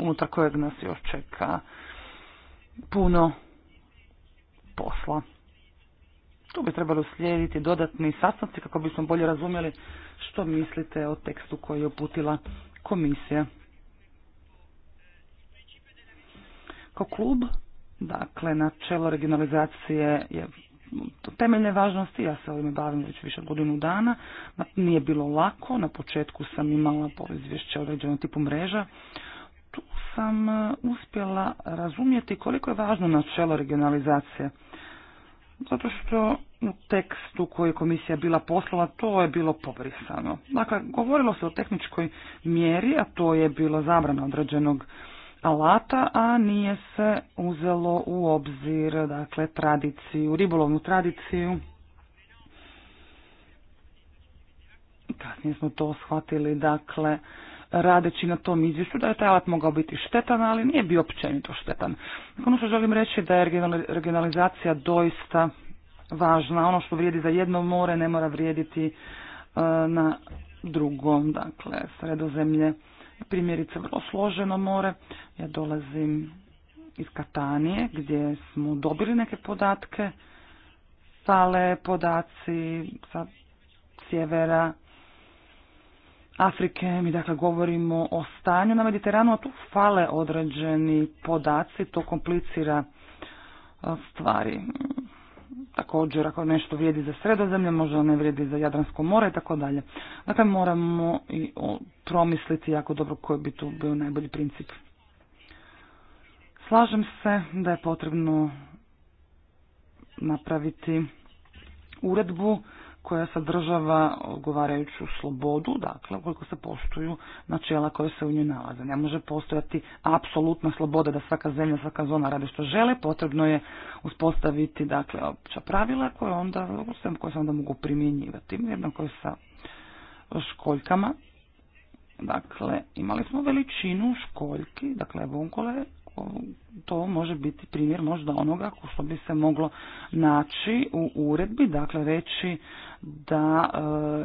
unutar kojeg nas još čeka puno posla. Tu bi trebalo slijediti dodatni sastanci kako bismo bolje razumjeli što mislite o tekstu koji je uputila komisija. klub. Dakle, načelo regionalizacije je temeljne važnosti, ja se ovime bavim već više godinu dana, nije bilo lako, na početku sam imala izvješće o određenom tipu mreža, tu sam e, uspjela razumjeti koliko je važno načelo regionalizacije. Zato što u tekstu koji je komisija bila poslala, to je bilo pobrisano. Dakle, govorilo se o tehničkoj mjeri, a to je bilo zabrana određenog alata, a nije se uzelo u obzir dakle, tradiciju, ribolovnu tradiciju. Kasnije smo to shvatili, dakle, radeći na tom izvješću da je taj alat mogao biti štetan, ali nije bio općenito štetan. Ono što želim reći da je regionalizacija doista važna. Ono što vrijedi za jedno more ne mora vrijediti e, na drugom, dakle, sredozemlje primjerice vrlo složeno more. Ja dolazim iz Katanije gdje smo dobili neke podatke, sale podaci sa sjevera Afrike, mi dakle govorimo o stanju na Mediteranu, a tu fale određeni podaci, to komplicira stvari također ako nešto vrijedi za sredozemlje, možda ne vrijedi za Jadransko more i tako dalje. Dakle, moramo i promisliti jako dobro koji bi tu bio najbolji princip. Slažem se da je potrebno napraviti uredbu koja sadržava odgovarajuću slobodu, dakle, ukoliko se poštuju načela koje se u njoj nalaze. Ne može postojati apsolutna sloboda da svaka zemlja, svaka zona radi što žele, potrebno je uspostaviti, dakle, opća pravila koje onda, koje se onda mogu primjenjivati, jednako je sa školjkama. Dakle, imali smo veličinu školjki, dakle, vonkole to može biti primjer možda onoga što bi se moglo naći u uredbi, dakle reći da e,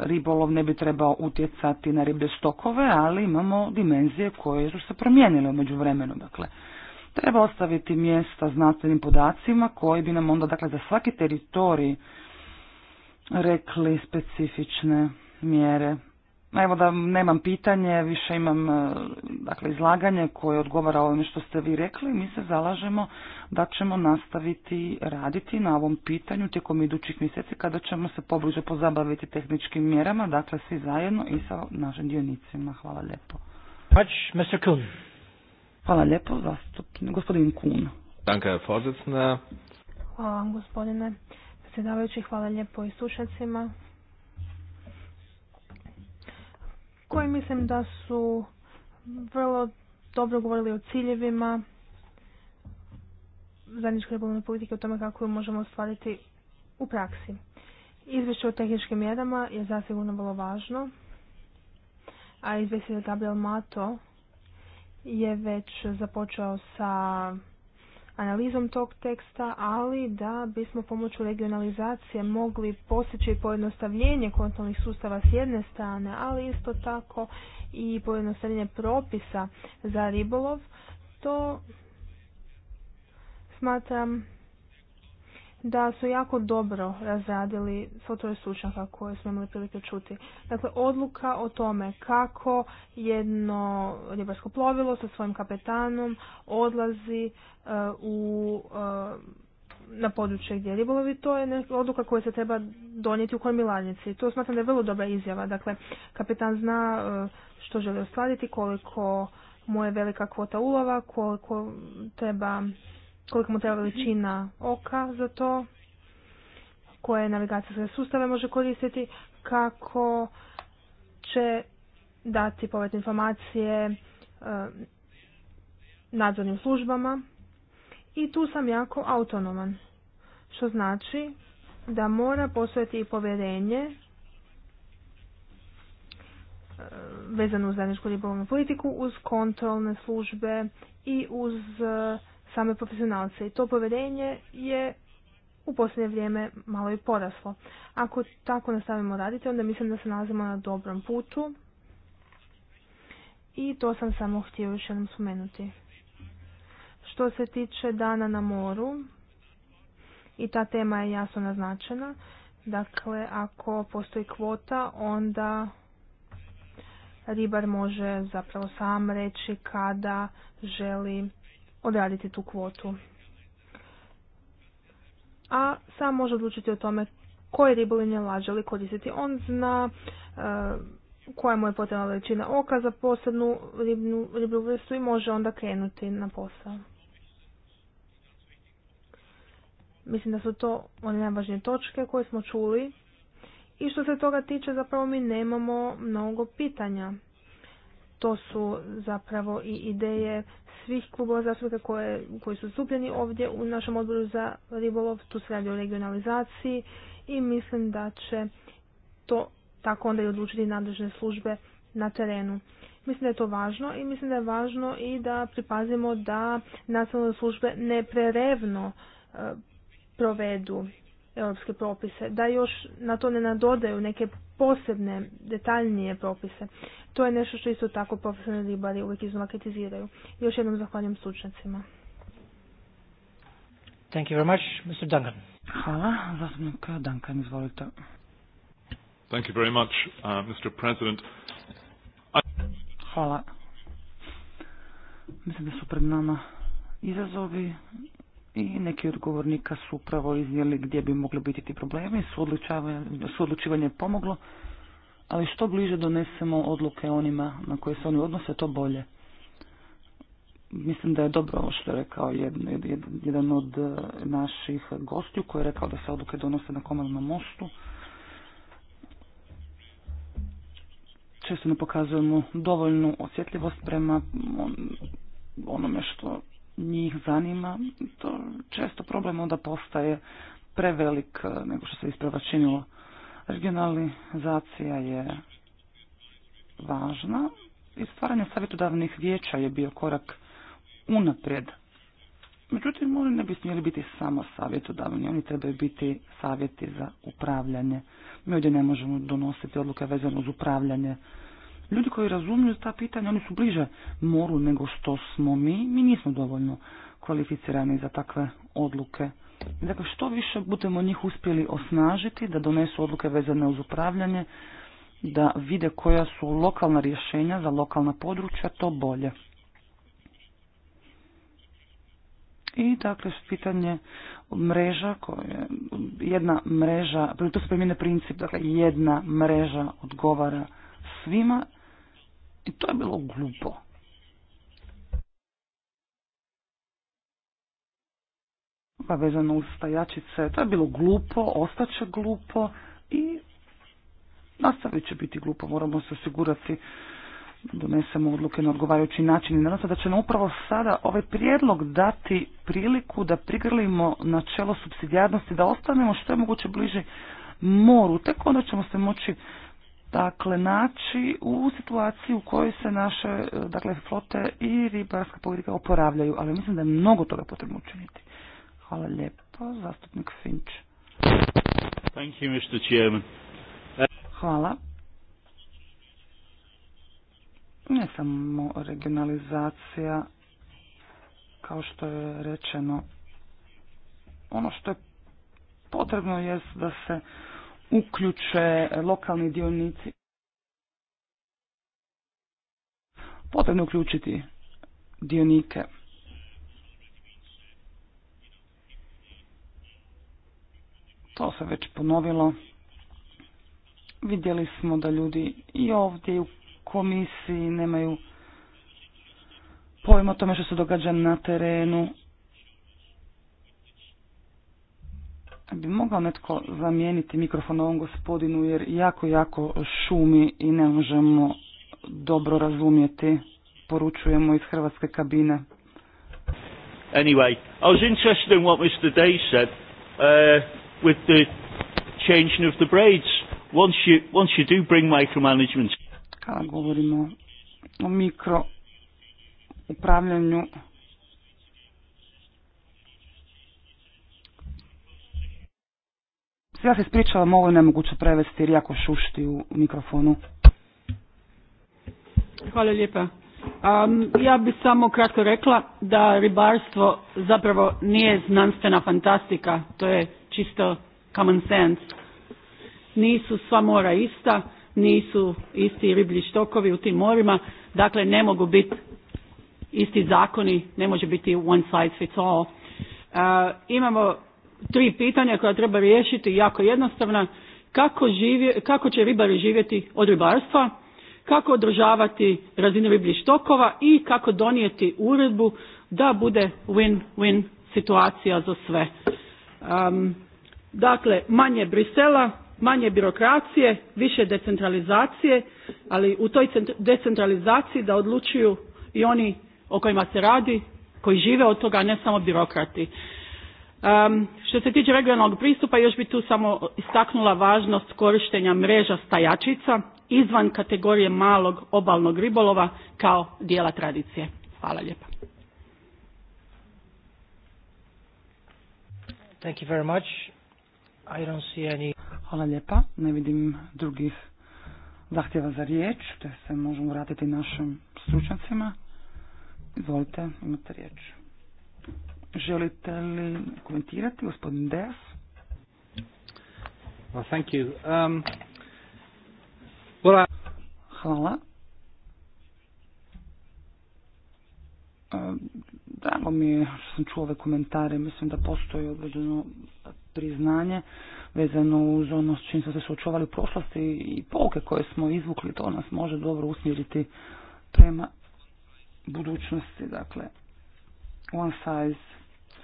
ribolov ne bi trebao utjecati na riblje stokove, ali imamo dimenzije koje su se promijenile u vremenu. Dakle, treba ostaviti mjesta znanstvenim podacima koji bi nam onda dakle za svaki teritorij rekli specifične mjere. Evo da nemam pitanje, više imam e, dakle, izlaganje koje odgovara ovome što ste vi rekli. Mi se zalažemo da ćemo nastaviti raditi na ovom pitanju tijekom idućih mjeseci kada ćemo se pobliže pozabaviti tehničkim mjerama, dakle svi zajedno i sa našim dionicima. Hvala lijepo. Hvala lijepo, zastupnik. Gospodin Kun. Hvala gospodine predsjedavajući. Hvala lijepo i slušacima. koji mislim da su vrlo dobro govorili o ciljevima zajedničke ribolovne politike, o tome kako ju možemo ostvariti u praksi. Izvješće o tehničkim mjerama je zasigurno vrlo važno, a izvješće Gabriel Mato je već započeo sa analizom tog teksta, ali da bismo pomoću regionalizacije mogli postići pojednostavljenje kontrolnih sustava s jedne strane, ali isto tako i pojednostavljenje propisa za ribolov, to smatram da su jako dobro razradili svo to stručnjaka koje smo imali prilike čuti. Dakle, odluka o tome kako jedno ribarsko plovilo sa svojim kapetanom odlazi e, u e, na područje gdje je ribolovi, to je odluka koja se treba donijeti u kormilarnici. To smatram da je vrlo dobra izjava. Dakle, kapetan zna e, što želi ostvariti, koliko mu je velika kvota ulova, koliko treba koliko mu treba veličina oka za to, koje navigacijske sustave može koristiti, kako će dati povjetne informacije e, nadzornim službama i tu sam jako autonoman, što znači da mora postojati i povjerenje e, vezano uz zajedničku ribolovnu politiku, uz kontrolne službe i uz e, same profesionalce i to povjerenje je u posljednje vrijeme malo i poraslo. Ako tako nastavimo raditi, onda mislim da se nalazimo na dobrom putu i to sam samo htio još jednom spomenuti. Što se tiče dana na moru, i ta tema je jasno naznačena, dakle ako postoji kvota, onda ribar može zapravo sam reći kada želi odraditi tu kvotu. A sam može odlučiti o tome koje ribolinje lađe li koristiti. On zna e, koja mu je potrebna veličina oka za posebnu ribnu, riblju vrstu i može onda krenuti na posao. Mislim da su to one najvažnije točke koje smo čuli. I što se toga tiče, zapravo mi nemamo mnogo pitanja. To su zapravo i ideje svih klubova zastupnika koje, koji su stupljeni ovdje u našem odboru za ribolov. Tu se radi o regionalizaciji i mislim da će to tako onda i odlučiti nadležne službe na terenu. Mislim da je to važno i mislim da je važno i da pripazimo da nacionalne službe ne prerevno e, provedu europske propise, da još na to ne nadodaju neke posebne, detaljnije propise. To je nešto što isto tako profesionalni ribari uvijek iznova kritiziraju. Još jednom zahvaljujem stručnjacima. Thank you very much, Mr. Duncan. Hvala, zastupnik Duncan, izvolite. Thank you very much, uh, Mr. President. Hvala. Mislim da su pred nama izazovi i neki odgovornika su upravo iznijeli gdje bi mogli biti ti problemi, suodlučivanje odlučivanje pomoglo, ali što bliže donesemo odluke onima na koje se oni odnose, to bolje. Mislim da je dobro ovo što je rekao jedan od e, naših gostiju koji je rekao da se odluke donose na komalnom mostu. Često ne pokazujemo dovoljnu osjetljivost prema onome što njih zanima, to često problem onda postaje prevelik eh, nego što se isprava činilo. Regionalizacija je važna i stvaranje savjetodavnih vijeća je bio korak unaprijed. Međutim, oni ne bi smjeli biti samo savjetodavni, oni trebaju biti savjeti za upravljanje. Mi ovdje ne možemo donositi odluke vezano uz upravljanje Ljudi koji razumiju ta pitanja, oni su bliže moru nego što smo mi. Mi nismo dovoljno kvalificirani za takve odluke. Dakle, što više budemo njih uspjeli osnažiti, da donesu odluke vezane uz upravljanje, da vide koja su lokalna rješenja za lokalna područja, to bolje. I dakle, pitanje mreža, koje, jedna mreža, to se primjene princip, dakle, jedna mreža odgovara svima, i to je bilo glupo. Pa vezano uz stajačice, to je bilo glupo, ostaće glupo i nastavit će biti glupo. Moramo se osigurati donesemo odluke na odgovarajući način. I nadam se da ćemo upravo sada ovaj prijedlog dati priliku da prigrlimo načelo subsidijarnosti, da ostanemo što je moguće bliže moru. Tek onda ćemo se moći dakle naći u situaciji u kojoj se naše e, dakle, flote i ribarska politika oporavljaju, ali mislim da je mnogo toga potrebno učiniti. Hvala lijepo, zastupnik Finč. Thank you, Mr. Chairman. Hvala. Ne samo regionalizacija, kao što je rečeno, ono što je potrebno jest da se uključe lokalni dionici. Potrebno uključiti dionike. To se već ponovilo. Vidjeli smo da ljudi i ovdje u komisiji nemaju pojma o tome što se događa na terenu. bi mogao netko zamijeniti mikrofon ovom gospodinu jer jako, jako šumi i ne možemo dobro razumjeti. Poručujemo iz hrvatske kabine. Anyway, I was interested in what Mr. Day said uh, with the changing of the braids. Once you, once you do bring micromanagement... Kada govorimo o mikro upravljanju Ja se ispričavam, ovo je nemoguće prevesti jer jako šušti u mikrofonu. Hvala lijepa. ja bih samo kratko rekla da ribarstvo zapravo nije znanstvena fantastika, to je čisto common sense. Nisu sva mora ista, nisu isti riblji štokovi u tim morima, dakle ne mogu biti isti zakoni, ne može biti one size fits all. imamo tri pitanja koja treba riješiti jako jednostavna. Kako, živje, kako će ribari živjeti od ribarstva, kako održavati razinu ribljih štokova i kako donijeti uredbu da bude win-win situacija za sve. Um, dakle, manje Brisela, manje birokracije, više decentralizacije, ali u toj decentralizaciji da odlučuju i oni o kojima se radi, koji žive od toga, a ne samo birokrati. Um, što se tiče regionalnog pristupa, još bi tu samo istaknula važnost korištenja mreža stajačica izvan kategorije malog obalnog ribolova kao dijela tradicije. Hvala lijepa. Thank you very much. I don't see any... Hvala lijepa. Ne vidim drugih zahtjeva za riječ, te se možemo vratiti našim stručnjacima. Izvolite, imate riječ. Želite li komentirati, gospodin Deas? thank um, Hvala. E, drago mi je što sam čuo ove komentare, mislim da postoji određeno priznanje vezano uz ono s čim smo se očuvali u prošlosti i pouke koje smo izvukli, to nas može dobro usmjeriti prema budućnosti, dakle one size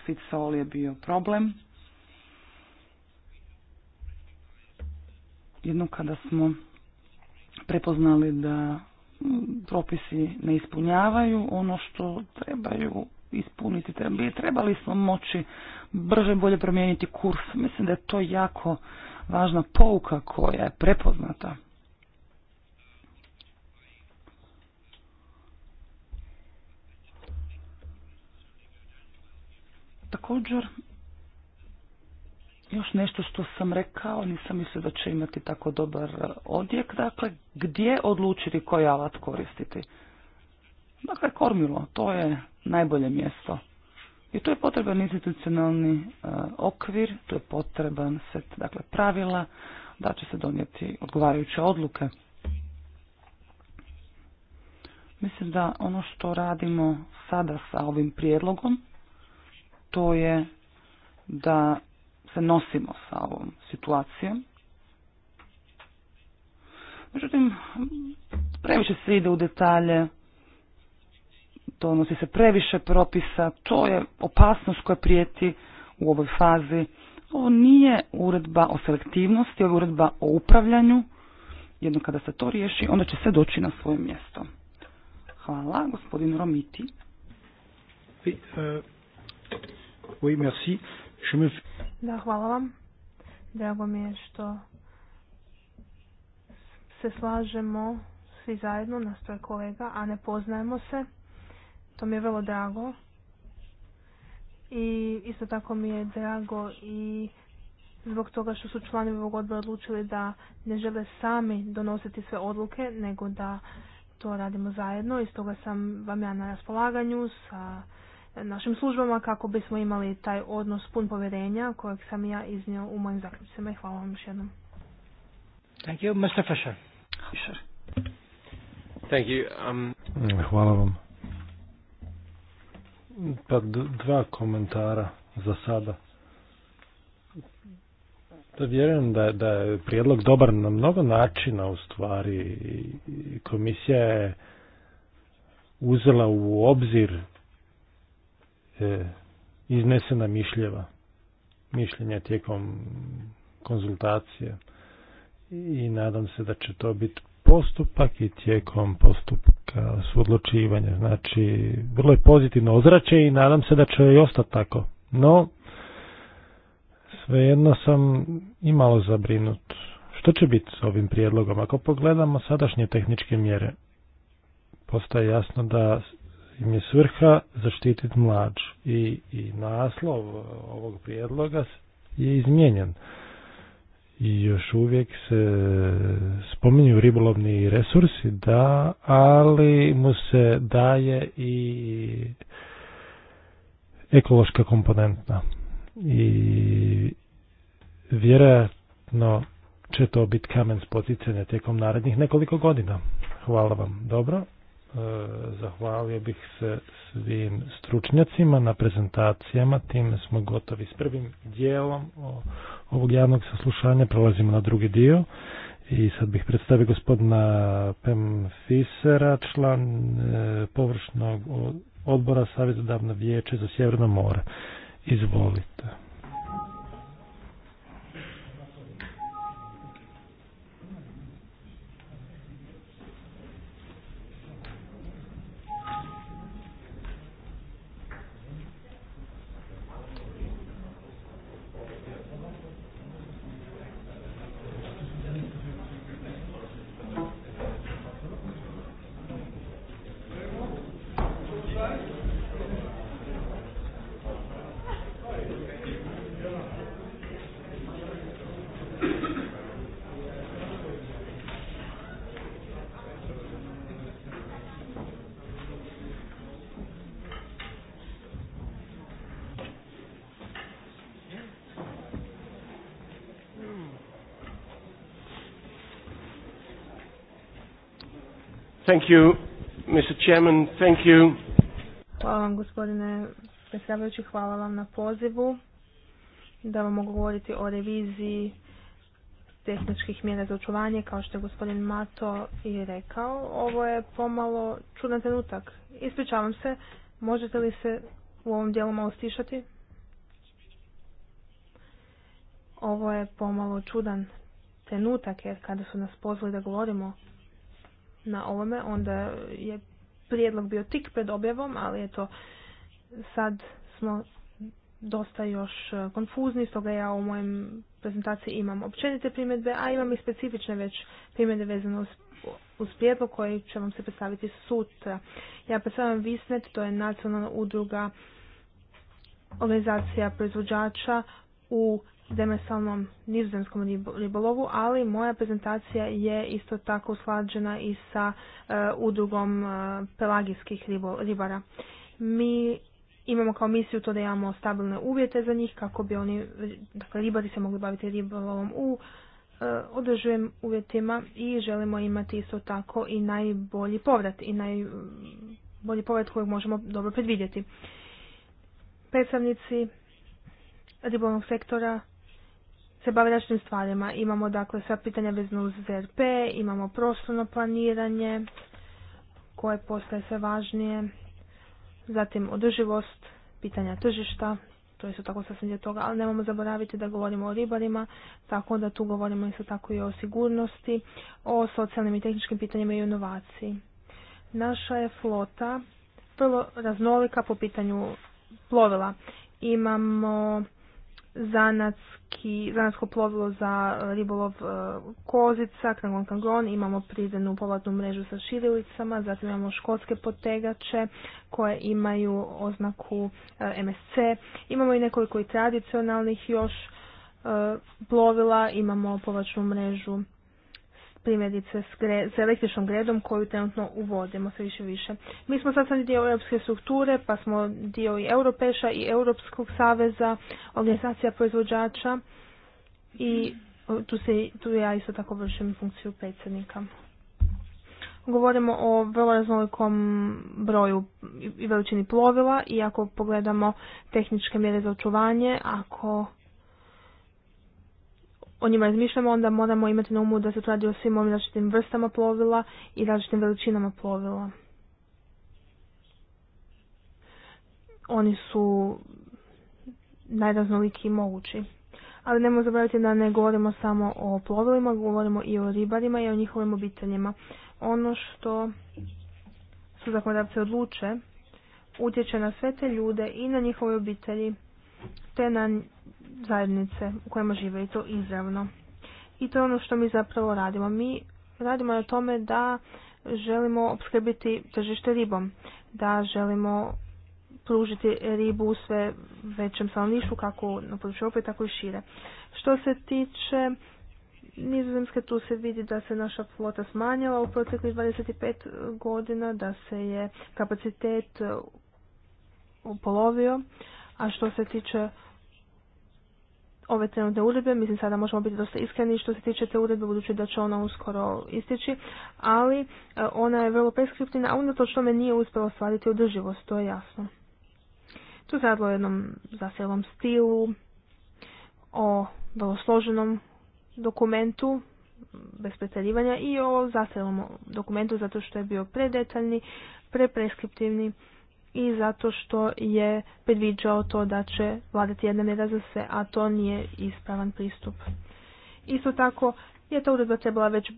Fitzol je bio problem. Jedno kada smo prepoznali da propisi ne ispunjavaju ono što trebaju ispuniti, trebali smo moći brže bolje promijeniti kurs. Mislim da je to jako važna pouka koja je prepoznata. Također, još nešto što sam rekao, nisam mislio da će imati tako dobar odjek, dakle, gdje odlučiti koji alat koristiti. Dakle, kormilo, to je najbolje mjesto. I tu je potreban institucionalni e, okvir, tu je potreban set dakle, pravila, da će se donijeti odgovarajuće odluke. Mislim da ono što radimo sada sa ovim prijedlogom to je da se nosimo sa ovom situacijom. Međutim, previše se ide u detalje, donosi se previše propisa, to je opasnost koja prijeti u ovoj fazi. Ovo nije uredba o selektivnosti, ovo je uredba o upravljanju. Jedno kada se to riješi, onda će se doći na svoje mjesto. Hvala, gospodin Romiti. E, Oui, merci. Je me... Da, hvala vam. Drago mi je što se slažemo svi zajedno, nas to je kolega, a ne poznajemo se. To mi je vrlo drago. I isto tako mi je drago i zbog toga što su članovi ovog odbora odlučili da ne žele sami donositi sve odluke, nego da to radimo zajedno i stoga sam vam ja na raspolaganju sa našim službama kako bismo imali taj odnos pun povjerenja kojeg sam ja iznio u mojim zaključcima i hvala vam još jednom. Thank you, Mr. Fisher. Thank you. Um... Hvala vam. Pa dva komentara za sada. Da vjerujem da, da je prijedlog dobar na mnogo načina u stvari. Komisija je uzela u obzir E, iznesena mišljeva, mišljenja tijekom konzultacije i nadam se da će to biti postupak i tijekom postupka suodločivanja. Znači, vrlo je pozitivno ozrače i nadam se da će i ostati tako. No, svejedno sam i malo zabrinut. Što će biti s ovim prijedlogom? Ako pogledamo sadašnje tehničke mjere, postaje jasno da im je svrha zaštititi mlađ. I, I naslov e, ovog prijedloga je izmijenjen. I još uvijek se spominju ribolovni resursi, da, ali mu se daje i ekološka komponentna. I vjerojatno će to biti kamen spoticanja tijekom narednih nekoliko godina. Hvala vam. Dobro zahvalio bih se svim stručnjacima na prezentacijama. Time smo gotovi s prvim dijelom ovog javnog saslušanja. Prolazimo na drugi dio. I sad bih predstavio gospodina Pem Fisera, član e, površnog odbora Davna vijeće za Sjeverno more. Izvolite. Thank you, Mr. Chairman. Thank you. Hvala vam gospodine predsjedavajući, hvala vam na pozivu da vam mogu govoriti o reviziji tehničkih mjera za očuvanje, kao što je gospodin Mato i rekao. Ovo je pomalo čudan trenutak. Ispričavam se, možete li se u ovom dijelu malo stišati? Ovo je pomalo čudan trenutak, jer kada su nas pozvali da govorimo na ovome, onda je prijedlog bio tik pred objavom, ali eto, sad smo dosta još e, konfuzni, stoga ja u mojem prezentaciji imam općenite primjedbe, a imam i specifične već primjedbe vezane uz, uz prijedlog koji će vam se predstaviti sutra. Ja predstavljam Visnet, to je nacionalna udruga organizacija proizvođača u demesalnom nizozemskom ribolovu, ali moja prezentacija je isto tako uslađena i sa e, udrugom e, pelagijskih ribara. Mi imamo kao misiju to da imamo stabilne uvjete za njih kako bi oni, dakle ribari se mogli baviti ribolovom u e, održujem uvjetima i želimo imati isto tako i najbolji povrat i najbolji povrat kojeg možemo dobro predvidjeti. Predstavnici ribolovnog sektora se bave stvarima. Imamo dakle sva pitanja vezano uz ZRP, imamo prostorno planiranje koje postaje sve važnije, zatim održivost, pitanja tržišta, to je tako sasvim dio toga, ali nemamo zaboraviti da govorimo o ribarima, tako da tu govorimo isto tako i o sigurnosti, o socijalnim i tehničkim pitanjima i inovaciji. Naša je flota vrlo raznolika po pitanju plovila. Imamo zanatski, zanatsko plovilo za e, ribolov e, kozica, krangon kangon, imamo prizrednu povlatnu mrežu sa širilicama, zatim imamo školske potegače koje imaju oznaku e, MSC, imamo i nekoliko i tradicionalnih još plovila, imamo povlačnu mrežu primjerice s električnom gredom koju trenutno uvodimo sve više više. Mi smo sastavni dio europske strukture, pa smo dio i Europeša i Europskog saveza, organizacija proizvođača i tu, se, tu ja isto tako vršim funkciju predsjednika. Govorimo o vrlo raznolikom broju i veličini plovila i ako pogledamo tehničke mjere za očuvanje, ako o njima razmišljamo, onda moramo imati na umu da se to radi o svim ovim različitim vrstama plovila i različitim veličinama plovila. Oni su najraznoliki i mogući. Ali nemojmo zaboraviti da ne govorimo samo o plovilima, govorimo i o ribarima i o njihovim obiteljima. Ono što su zakonodavce odluče utječe na sve te ljude i na njihove obitelji te na zajednice u kojima žive i to izravno. I to je ono što mi zapravo radimo. Mi radimo na tome da želimo opskrbiti tržište ribom, da želimo pružiti ribu u sve većem stanovništvu kako na području opet, tako i šire. Što se tiče Nizozemske tu se vidi da se naša flota smanjila u proteklih 25 godina, da se je kapacitet upolovio, a što se tiče ove trenutne uredbe, mislim sada možemo biti dosta iskreni što se tiče te uredbe, budući da će ona uskoro istići, ali e, ona je vrlo preskriptivna, a unatoč me nije uspjela ostvariti održivost, to je jasno. Tu se radilo o jednom zaselom stilu, o vrlo složenom dokumentu, bez pretjerivanja i o zaselom dokumentu zato što je bio predetaljni, prepreskriptivni i zato što je predviđao to da će vladati jedna mjera za a to nije ispravan pristup. Isto tako je ta uredba trebala već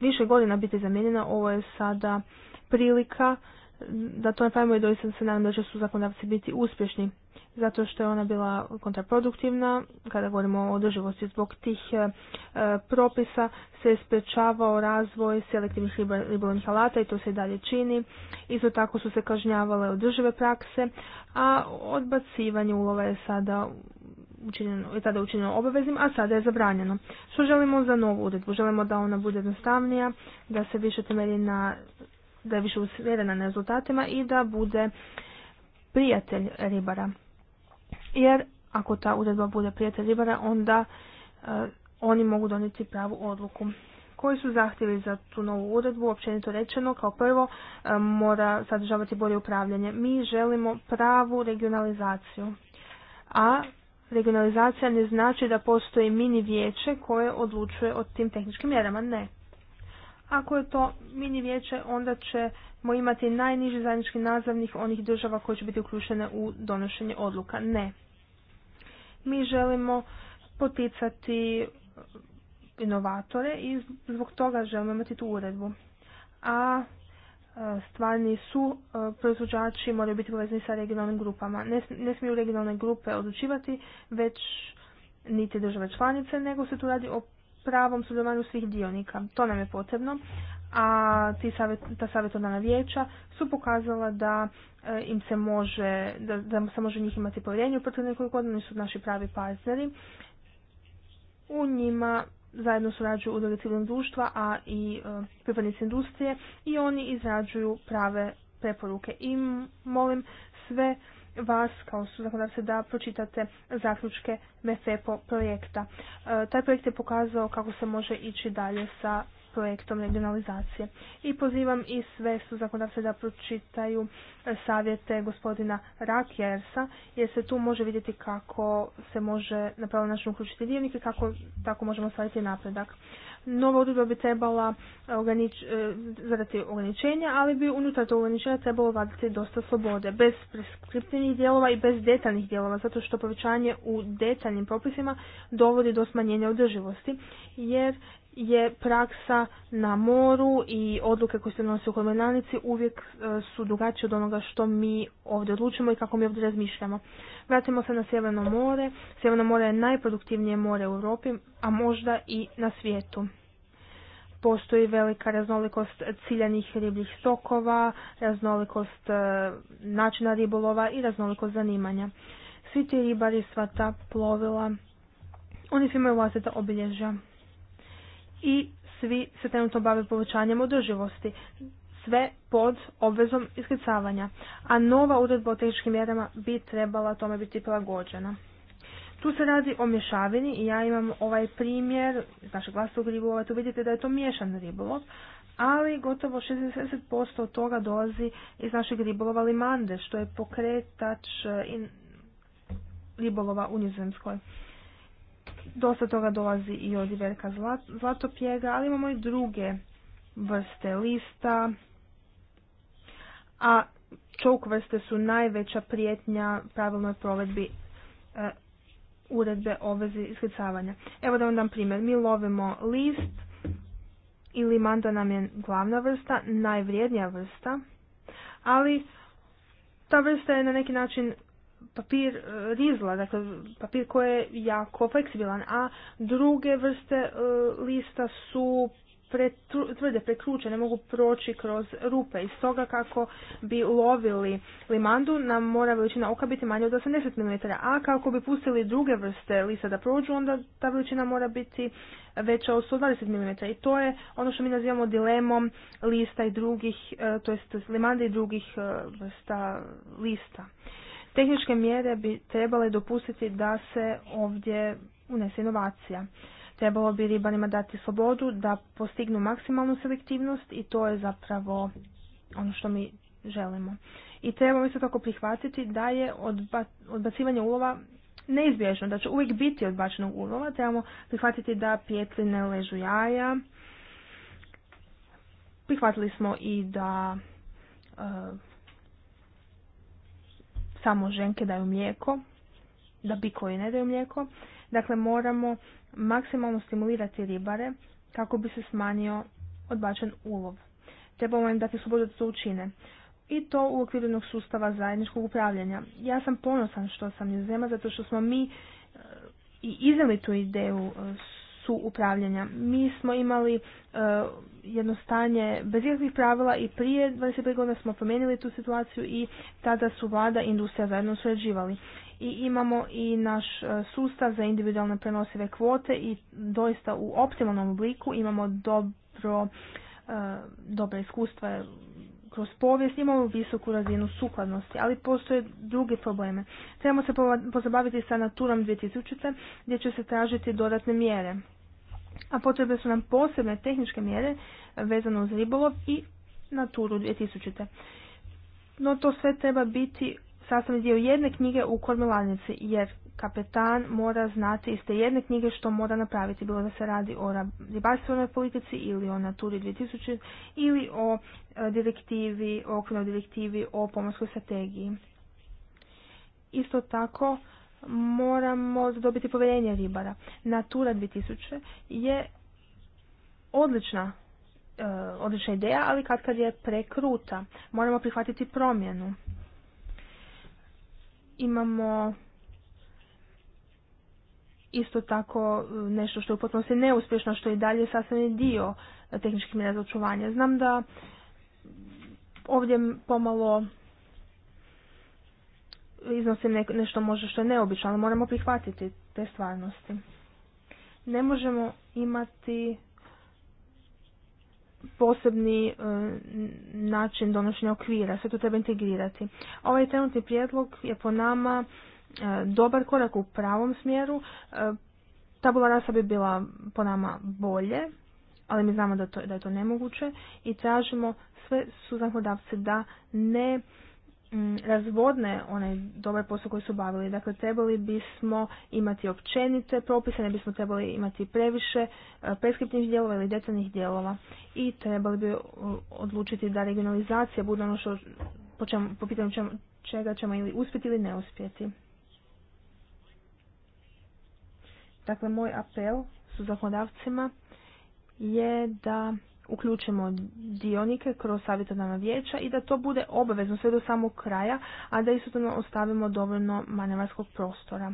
više godina biti zamijenjena, ovo je sada prilika da to napravimo i doista se nadam da će su zakonodavci biti uspješni zato što je ona bila kontraproduktivna. Kada govorimo o održivosti zbog tih e, propisa se sprečavao razvoj selektivnih ribolovnih alata i to se i dalje čini. Isto tako su se kažnjavale održive prakse, a odbacivanje ulova je sada učinjeno, je tada učinjeno obaveznim, a sada je zabranjeno. Što želimo za novu uredbu? Želimo da ona bude jednostavnija, da se više temelji na, da je više usmjerena na rezultatima i da bude prijatelj ribara jer ako ta uredba bude prijatelj ribara, onda e, oni mogu donijeti pravu odluku. Koji su zahtjevi za tu novu uredbu? Općenito rečeno, kao prvo, e, mora sadržavati bolje upravljanje. Mi želimo pravu regionalizaciju, a regionalizacija ne znači da postoji mini vijeće koje odlučuje o tim tehničkim mjerama. Ne. Ako je to mini vijeće, onda ćemo imati najniži zajednički nazavnih onih država koje će biti uključene u donošenje odluka. Ne. Mi želimo poticati inovatore i zbog toga želimo imati tu uredbu. A e, stvarni su e, proizvođači moraju biti povezani sa regionalnim grupama. Ne, smiju regionalne grupe odlučivati, već niti države članice, nego se tu radi o pravom sudjelovanju svih dionika. To nam je potrebno, a ti savjet, ta savjetodana vijeća su pokazala da e, im se može, da, da se može njih imati povjerenje. Protiv nekoliko godina su naši pravi partneri. U njima zajedno surađuju u civilnog društva, a i e, pripadnici industrije i oni izrađuju prave preporuke. I molim sve vas kao su zakonodavce da pročitate zaključke MEFEPO projekta. E, taj projekt je pokazao kako se može ići dalje sa projektom regionalizacije. I pozivam i sve su zakonodavce da pročitaju e, savjete gospodina Rakjersa, jer se tu može vidjeti kako se može na pravo način uključiti dionike i kako tako možemo staviti napredak. Nova odredba bi trebala e, e, zadati ograničenja, ali bi unutar tog ograničenja trebalo vaditi dosta slobode, bez preskriptivnih dijelova i bez detaljnih dijelova, zato što povećanje u detaljnim propisima dovodi do smanjenja održivosti, jer je praksa na moru i odluke koje se donose u Kormenanici uvijek e, su drugačije od onoga što mi ovdje odlučimo i kako mi ovdje razmišljamo. Vratimo se na Sjeverno more. Sjeverno more je najproduktivnije more u Europi, a možda i na svijetu. Postoji velika raznolikost ciljanih ribljih stokova, raznolikost e, načina ribolova i raznolikost zanimanja. Svi ti ribari, sva ta plovila, oni svi imaju vlastita obilježja i svi se trenutno bave povećanjem održivosti, sve pod obvezom iskrcavanja, a nova uredba o tehničkim mjerama bi trebala tome biti prilagođena. Tu se radi o mješavini i ja imam ovaj primjer iz našeg vlastnog ribolova, tu vidite da je to miješan ribolov, ali gotovo 60% od toga dolazi iz našeg ribolova limande, što je pokretač eh, ribolova u Nizozemskoj. Dosta toga dolazi i od zlato zlatopjega, ali imamo i druge vrste lista, a čouk vrste su najveća prijetnja pravilnoj provedbi e, uredbe o vezi Evo da vam dam primjer. Mi lovimo list ili manda nam je glavna vrsta, najvrijednija vrsta, ali ta vrsta je na neki način papir e, rizla, dakle papir koji je jako fleksibilan, a druge vrste e, lista su tvrde ne mogu proći kroz rupe. I stoga kako bi lovili limandu, nam mora veličina oka biti manja od 80 mm, a kako bi pustili druge vrste lista da prođu, onda ta veličina mora biti veća od 120 mm. I to je ono što mi nazivamo dilemom lista i drugih, e, to jest limande i drugih vrsta lista. Tehničke mjere bi trebale dopustiti da se ovdje unese inovacija. Trebalo bi ribanima dati slobodu da postignu maksimalnu selektivnost i to je zapravo ono što mi želimo. I trebamo isto tako prihvatiti da je odbacivanje ulova neizbježno, da će uvijek biti odbačenog ulova. Trebamo prihvatiti da ne ležu jaja. Prihvatili smo i da e, samo ženke daju mlijeko, da koji ne daju mlijeko. Dakle, moramo maksimalno stimulirati ribare kako bi se smanjio odbačen ulov. Trebamo im dati slobodu da to učine. I to u okviru jednog sustava zajedničkog upravljanja. Ja sam ponosan što sam zema zato što smo mi eh, i tu ideju eh, su upravljanja. Mi smo imali eh, jedno stanje bez ikakvih pravila i prije 25 godina smo promijenili tu situaciju i tada su vlada i industrija zajedno surađivali. I imamo i naš e, sustav za individualne prenosive kvote i doista u optimalnom obliku imamo dobro, e, dobre iskustva kroz povijest imamo visoku razinu sukladnosti, ali postoje druge probleme. Trebamo se pozabaviti sa naturom 2000 gdje će se tražiti dodatne mjere a potrebe su nam posebne tehničke mjere vezano uz ribolov i Naturu 2000. No to sve treba biti sastavni dio jedne knjige u kormilanici, jer kapetan mora znati iz te jedne knjige što mora napraviti, bilo da se radi o ribarstvenoj politici ili o Naturi 2000 ili o e, direktivi, o direktivi o pomorskoj strategiji. Isto tako, moramo dobiti povjerenje ribara. Natura 2000 je odlična e, odlična ideja, ali kad kad je prekruta. Moramo prihvatiti promjenu. Imamo isto tako e, nešto što je u potpunosti neuspješno, što je i dalje sastavni dio tehničkih mjera za očuvanje. Znam da ovdje pomalo iznosim ne, nešto možda što je neobično, ali moramo prihvatiti te stvarnosti. Ne možemo imati posebni e, način donošenja okvira, sve to treba integrirati. Ovaj trenutni prijedlog je po nama e, dobar korak u pravom smjeru. E, tabula rasa bi bila po nama bolje, ali mi znamo da, to, da je to nemoguće i tražimo sve su da ne Mm, razvodne onaj dobar posao koji su bavili. Dakle, trebali bismo imati općenite propise, ne bismo trebali imati previše e, preskriptnih dijelova ili detaljnih dijelova i trebali bi e, odlučiti da regionalizacija bude ono što po, čemu, pitanju čega ćemo ili uspjeti ili ne uspjeti. Dakle, moj apel su zakonodavcima je da uključimo dionike kroz savjetodavna vijeća i da to bude obavezno sve do samog kraja, a da istotno ostavimo dovoljno manevarskog prostora.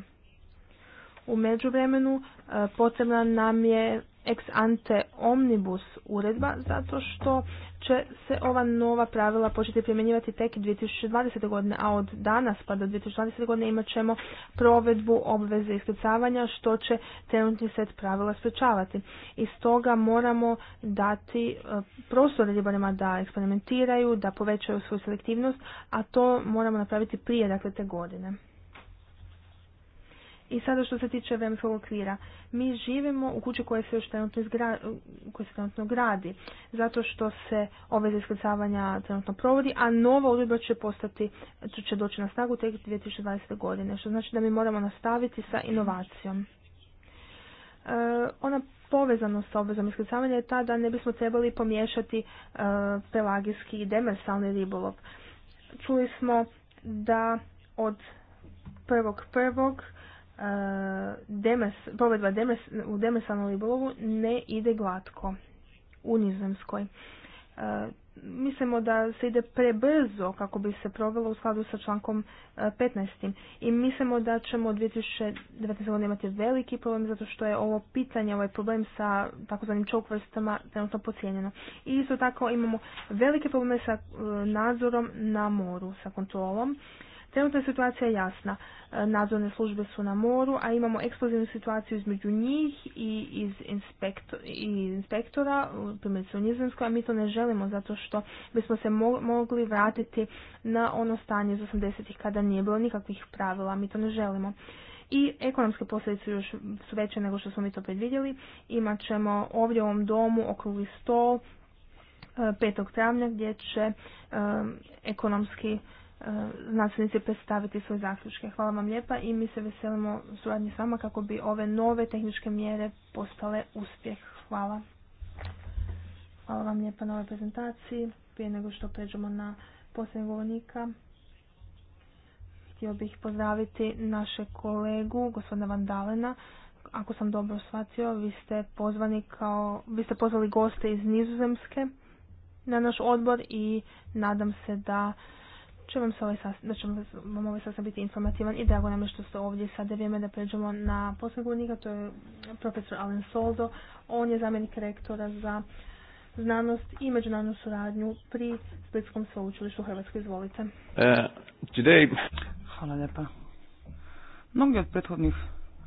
U međuvremenu e, potrebna nam je ex ante omnibus uredba zato što će se ova nova pravila početi primjenjivati tek 2020. godine, a od danas pa do 2020. godine imat ćemo provedbu obveze iskrcavanja što će trenutni set pravila sprečavati. I stoga moramo dati e, prostor ribarima da eksperimentiraju, da povećaju svoju selektivnost, a to moramo napraviti prije dakle, te godine. I sada što se tiče vremenskog okvira, mi živimo u kući koja se još trenutno, izgra, se trenutno gradi, zato što se obveza iskrcavanja trenutno provodi, a nova odredba će postati, će doći na snagu tek 2020. godine, što znači da mi moramo nastaviti sa inovacijom. E, ona povezanost sa obvezom iskrcavanja je ta da ne bismo trebali pomiješati e, pelagijski i demersalni ribolov. Čuli smo da od prvog prvog demes, provedba demes, u demesanu libolovu ne ide glatko u nizemskoj. E, mislimo da se ide prebrzo kako bi se provelo u skladu sa člankom 15. E, I mislimo da ćemo 2019. godine imati veliki problem zato što je ovo pitanje, ovaj problem sa takozvanim čokvrstama trenutno pocijenjeno. I isto tako imamo velike probleme sa e, nadzorom na moru, sa kontrolom Trenutna situacija je jasna. E, nadzorne službe su na moru, a imamo eksplozivnu situaciju između njih i, iz inspektora, primjerice u Nizozemskoj, a mi to ne želimo zato što bismo se mogli vratiti na ono stanje iz 80-ih kada nije bilo nikakvih pravila, mi to ne želimo i ekonomske posljedice još su veće nego što smo mi to predvidjeli. Imaćemo ovdje u ovom domu okrugli stol 5. E, travnja gdje će e, ekonomski znanstvenici e, predstaviti svoje zaključke. Hvala vam lijepa i mi se veselimo suradnji s vama kako bi ove nove tehničke mjere postale uspjeh. Hvala. Hvala vam lijepa na ovoj prezentaciji. Prije nego što pređemo na posljednjeg govornika, htio bih pozdraviti naše kolegu, gospodina Vandalena. Ako sam dobro shvatio, vi ste, pozvani kao, vi ste pozvali goste iz Nizozemske na naš odbor i nadam se da će vam se ovaj sas, da će vam ovaj biti informativan i drago nam je što ste ovdje. Sada vrijeme da pređemo na posljednog govornika, to je profesor Alen Soldo. On je zamjenik rektora za znanost i međunarodnu suradnju pri Splitskom sveučilištu hrvatske Izvolite. Uh, today... Hvala lijepa. Mnogi od prethodnih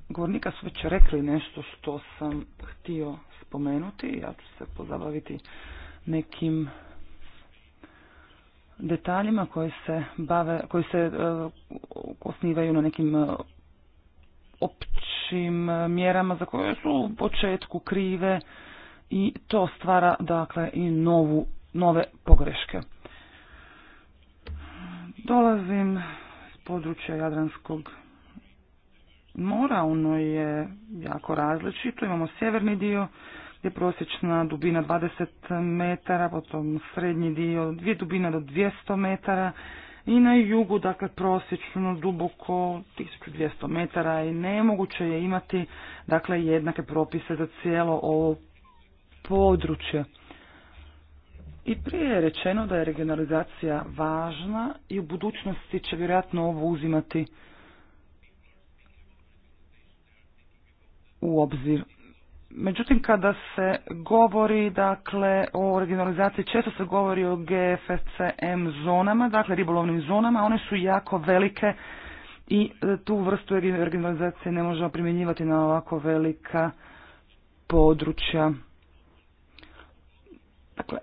govornika su već rekli nešto što sam htio spomenuti. Ja ću se pozabaviti nekim detaljima koji se bave, koji se e, osnivaju na nekim e, općim e, mjerama za koje su u početku krive i to stvara dakle i novu, nove pogreške. Dolazim s područja Jadranskog mora, ono je jako različito, imamo sjeverni dio je prosječna dubina 20 metara, potom srednji dio dvije dubine do 200 metara i na jugu, dakle, prosječno duboko 1200 metara i nemoguće je imati, dakle, jednake propise za cijelo ovo područje. I prije je rečeno da je regionalizacija važna i u budućnosti će vjerojatno ovo uzimati u obzir Međutim, kada se govori dakle, o regionalizaciji, često se govori o GFCM zonama, dakle ribolovnim zonama, one su jako velike i e, tu vrstu regionalizacije ne možemo primjenjivati na ovako velika područja. Dakle,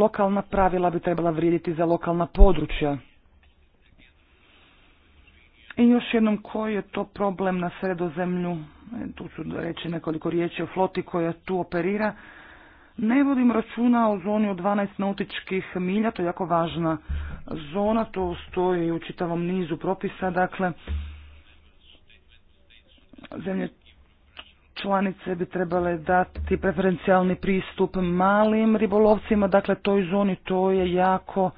lokalna pravila bi trebala vrijediti za lokalna područja. I još jednom koji je to problem na sredozemlju, e, tu ću reći nekoliko riječi o floti koja tu operira. Ne vodim računa o zoni od 12 nautičkih milja, to je jako važna zona, to stoji u čitavom nizu propisa, dakle zemlje članice bi trebale dati preferencijalni pristup malim ribolovcima, dakle toj zoni to je jako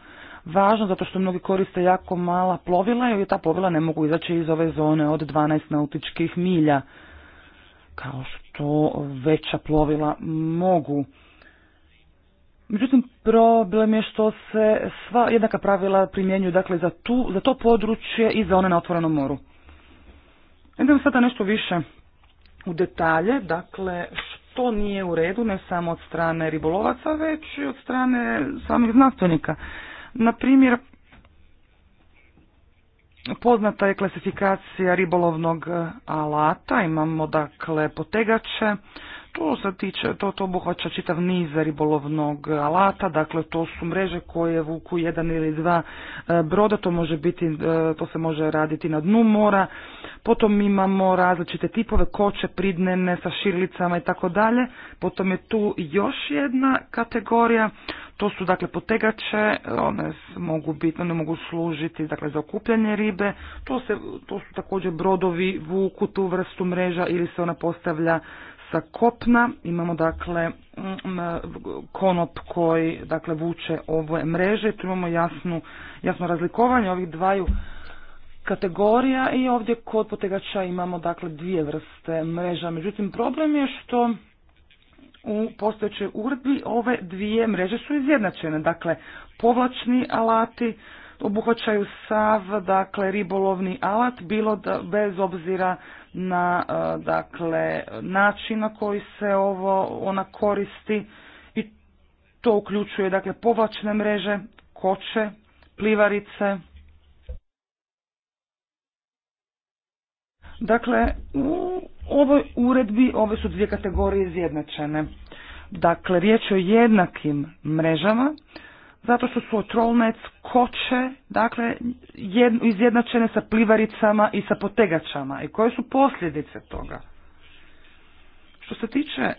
važno zato što mnogi koriste jako mala plovila i ta plovila ne mogu izaći iz ove zone od 12 nautičkih milja kao što veća plovila mogu. Međutim, problem je što se sva jednaka pravila primjenjuju dakle, za, tu, za to područje i za one na otvorenom moru. Idem sada nešto više u detalje, dakle, što nije u redu, ne samo od strane ribolovaca, već i od strane samih znanstvenika. Na primjer, poznata je klasifikacija ribolovnog eh, alata, imamo dakle potegače, to se tiče, to, to obuhvaća čitav niz ribolovnog alata, dakle to su mreže koje vuku jedan ili dva e, broda, to može biti, e, to se može raditi na dnu mora, potom imamo različite tipove koče, pridnene sa širlicama i tako dalje, potom je tu još jedna kategorija, to su dakle potegače, one mogu biti, one mogu služiti dakle za okupljanje ribe, to, se, to su također brodovi vuku tu vrstu mreža ili se ona postavlja sa kopna. Imamo dakle konop koji dakle vuče ove mreže. Tu imamo jasnu, jasno razlikovanje ovih dvaju kategorija i ovdje kod potegača imamo dakle dvije vrste mreža. Međutim, problem je što u postojećoj uredbi ove dvije mreže su izjednačene. Dakle, povlačni alati obuhvaćaju sav dakle ribolovni alat bilo da bez obzira na e, dakle način na koji se ovo ona koristi i to uključuje dakle povlačne mreže, koče, plivarice. Dakle, u ovoj uredbi ove su dvije kategorije izjednačene. Dakle, riječ je o jednakim mrežama zato što su trolmec koče, dakle, jed, izjednačene sa plivaricama i sa potegačama. I koje su posljedice toga? Što se tiče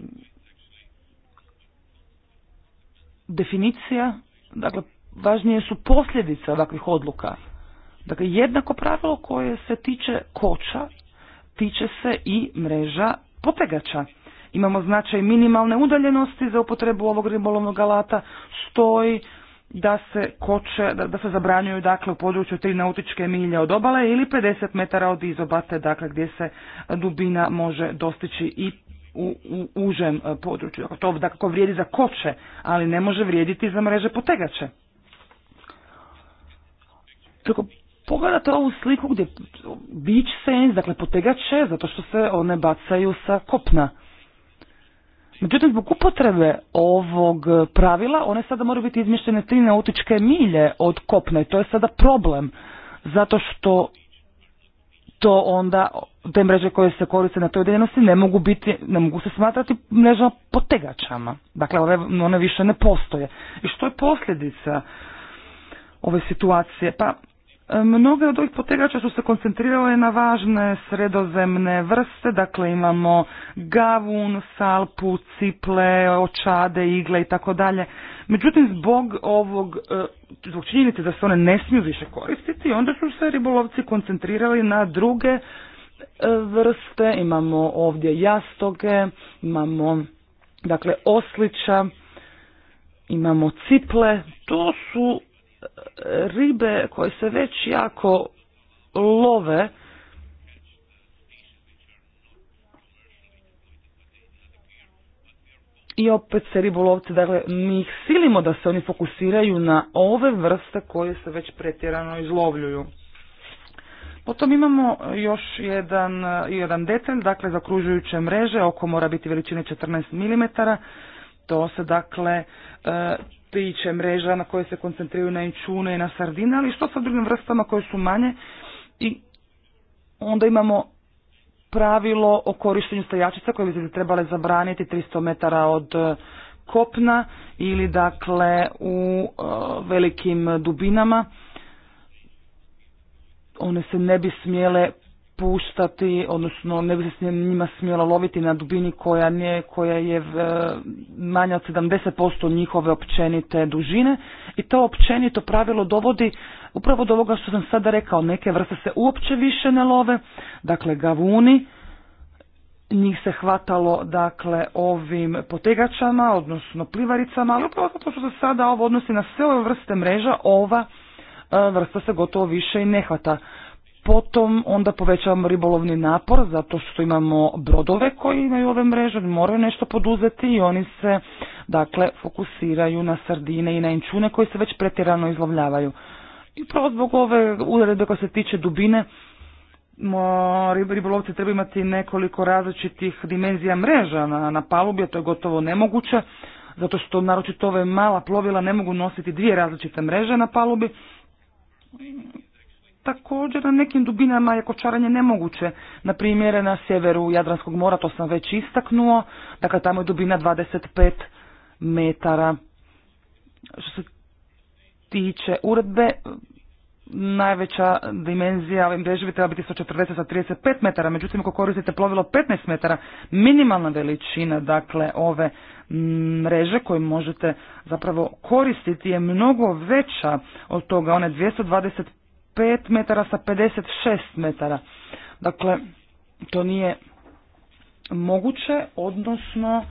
mm, definicija, dakle, važnije su posljedice ovakvih odluka. Dakle, jednako pravilo koje se tiče koča, tiče se i mreža potegača. Imamo značaj minimalne udaljenosti za upotrebu ovog ribolovnog alata, stoji da se koče, da, se zabranjuju dakle u području 3 nautičke milje od obale ili 50 metara od izobate, dakle gdje se dubina može dostići i u, u užem e, području. Dakle, to dakako vrijedi za koče, ali ne može vrijediti za mreže potegače. Tako, pogledate ovu sliku gdje beach sense, dakle potegače, zato što se one bacaju sa kopna. Međutim, zbog upotrebe ovog pravila, one sada moraju biti izmišljene tri nautičke milje od kopna i to je sada problem, zato što to onda, te mreže koje se koriste na toj udeljenosti ne mogu biti, ne mogu se smatrati mrežama potegačama. Dakle, one više ne postoje. I što je posljedica ove situacije? Pa, E, mnoge od ovih potegača su se koncentrirale na važne sredozemne vrste, dakle imamo gavun, salpu, ciple, očade, igle i tako dalje. Međutim, zbog ovog, e, zbog činjenice da se one ne smiju više koristiti, onda su se ribolovci koncentrirali na druge e, vrste, imamo ovdje jastoge, imamo dakle oslića, imamo ciple, to su ribe koje se već jako love I opet se ribolovci, dakle, mi ih silimo da se oni fokusiraju na ove vrste koje se već pretjerano izlovljuju. Potom imamo još jedan, jedan detalj, dakle, zakružujuće mreže, oko mora biti veličine 14 mm, to se dakle e, tiče mreža na koje se koncentriraju na inčune i na sardine, ali što sa drugim vrstama koje su manje i onda imamo pravilo o korištenju stajačica koje bi se trebale zabraniti 300 metara od e, kopna ili dakle u e, velikim dubinama one se ne bi smjele puštati odnosno ne bi se njima smjela loviti na dubini koja, nije, koja je e, manja od 70% njihove općenite dužine i to općenito pravilo dovodi upravo do ovoga što sam sada rekao, neke vrste se uopće više ne love, dakle gavuni, njih se hvatalo dakle ovim potegačama, odnosno plivaricama, ali upravo što se sada ovo odnosi na sve ove vrste mreža, ova e, vrsta se gotovo više i ne hvata potom onda povećavamo ribolovni napor zato što imamo brodove koji imaju ove mreže, moraju nešto poduzeti i oni se dakle fokusiraju na sardine i na inčune koji se već pretjerano izlovljavaju. I upravo zbog ove uredbe koja se tiče dubine, ribolovci treba imati nekoliko različitih dimenzija mreža na, na palubi, a to je gotovo nemoguće, zato što naročito ove mala plovila ne mogu nositi dvije različite mreže na palubi također na nekim dubinama je kočaranje nemoguće. Na primjer, na sjeveru Jadranskog mora, to sam već istaknuo, dakle tamo je dubina 25 metara. Što se tiče uredbe, najveća dimenzija ove mreže bi treba biti 140 sa 35 metara, međutim ako koristite plovilo 15 metara, minimalna veličina dakle ove mreže koju možete zapravo koristiti je mnogo veća od toga, one 225 5 metara sa 56 metara. Dakle, to nije moguće, odnosno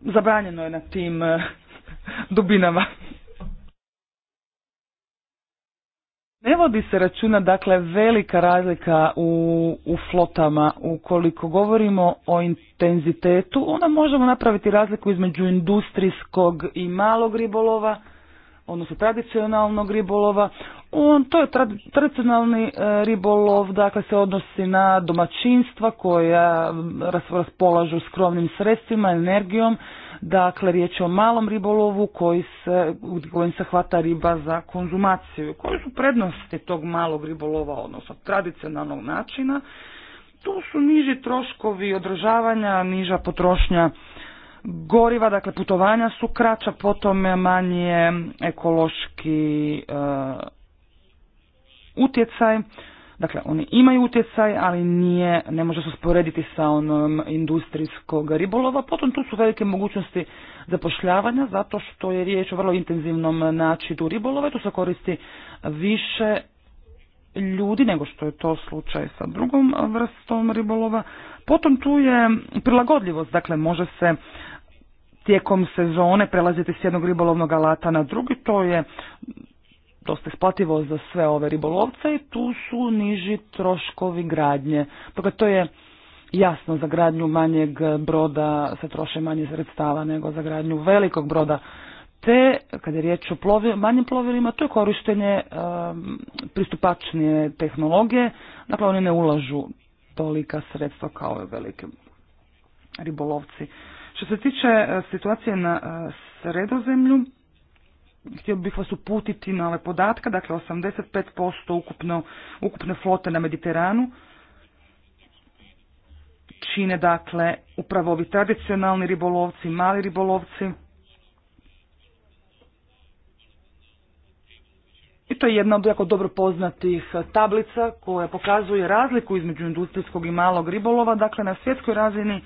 zabranjeno je na tim eh, dubinama. Ne vodi se računa, dakle, velika razlika u, u flotama. Ukoliko govorimo o intenzitetu, onda možemo napraviti razliku između industrijskog i malog ribolova, odnosno tradicionalnog ribolova. On, to je tradicionalni e, ribolov, dakle se odnosi na domaćinstva koja raspolažu skromnim sredstvima, energijom, dakle riječ je o malom ribolovu koji se, kojim se hvata riba za konzumaciju. Koje su prednosti tog malog ribolova, odnosno tradicionalnog načina? Tu su niži troškovi održavanja, niža potrošnja goriva, dakle putovanja su kraća, potom manje ekološki e, utjecaj. Dakle, oni imaju utjecaj, ali nije, ne može se sporediti sa onom industrijskog ribolova. Potom tu su velike mogućnosti zapošljavanja, zato što je riječ o vrlo intenzivnom načinu ribolova. Tu se koristi više ljudi nego što je to slučaj sa drugom vrstom ribolova. Potom tu je prilagodljivost, dakle može se tijekom sezone prelazite s jednog ribolovnog alata na drugi, to je dosta isplativo za sve ove ribolovce i tu su niži troškovi gradnje. Dakle, to je jasno za gradnju manjeg broda se troše manje sredstava nego za gradnju velikog broda. Te, kada je riječ o manjim plovilima, to je korištenje um, pristupačnije tehnologije, dakle oni ne ulažu tolika sredstva kao i velike ribolovci. Što se tiče e, situacije na e, sredozemlju, htio bih vas uputiti na ove podatke, dakle 85% ukupno, ukupne flote na Mediteranu čine dakle upravo ovi tradicionalni ribolovci, mali ribolovci. I to je jedna od jako dobro poznatih e, tablica koja pokazuje razliku između industrijskog i malog ribolova. Dakle, na svjetskoj razini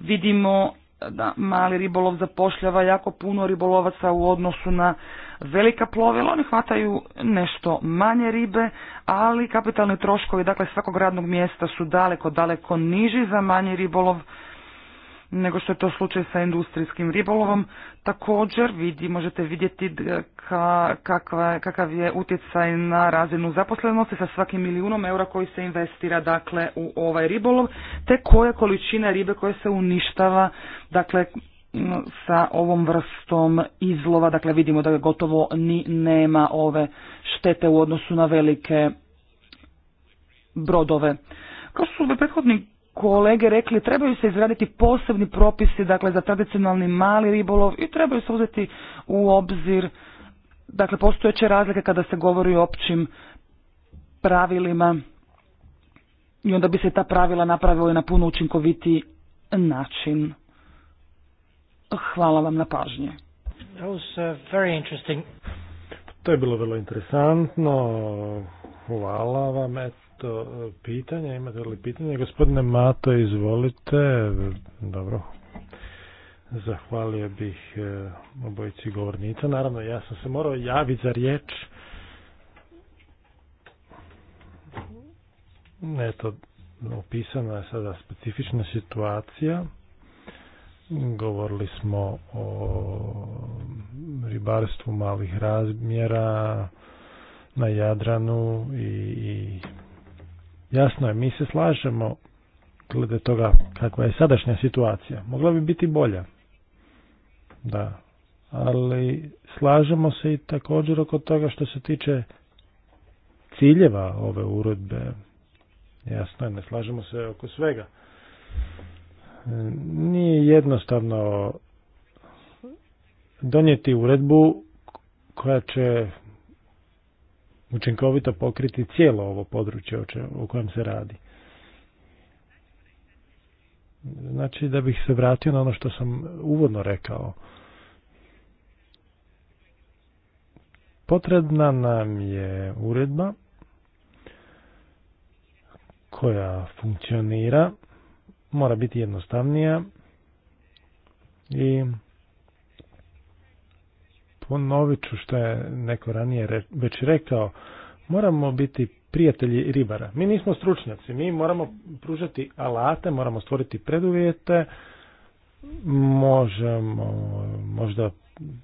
vidimo da mali ribolov zapošljava jako puno ribolovaca u odnosu na velika plovila. Oni hvataju nešto manje ribe, ali kapitalni troškovi dakle svakog radnog mjesta su daleko, daleko niži za manji ribolov nego što je to slučaj sa industrijskim ribolovom. Također vidi, možete vidjeti kakva, kakav je utjecaj na razinu zaposlenosti sa svakim milijunom eura koji se investira dakle u ovaj ribolov, te koje količine ribe koje se uništava dakle sa ovom vrstom izlova, dakle vidimo da gotovo ni nema ove štete u odnosu na velike brodove. Kao što su prethodni kolege rekli trebaju se izraditi posebni propisi dakle za tradicionalni mali ribolov i trebaju se uzeti u obzir dakle postojeće razlike kada se govori o općim pravilima i onda bi se ta pravila napravila na puno učinkoviti način. Hvala vam na pažnje. Uh, to je bilo vrlo interesantno. Hvala vam to e, pitanje, imate li pitanje? Gospodine Mato, izvolite. Dobro. Zahvalio bih e, obojici govornica. Naravno, ja sam se morao javiti za riječ. Eto, opisana je sada specifična situacija. Govorili smo o ribarstvu malih razmjera na Jadranu i Jasno je, mi se slažemo glede toga kakva je sadašnja situacija. Mogla bi biti bolja. Da. Ali slažemo se i također oko toga što se tiče ciljeva ove uredbe. Jasno je, ne slažemo se oko svega. Nije jednostavno donijeti uredbu koja će učinkovito pokriti cijelo ovo područje o kojem se radi. Znači da bih se vratio na ono što sam uvodno rekao. Potrebna nam je uredba koja funkcionira, mora biti jednostavnija i ponovit ću što je neko ranije već rekao, moramo biti prijatelji ribara. Mi nismo stručnjaci, mi moramo pružati alate, moramo stvoriti preduvjete, možemo možda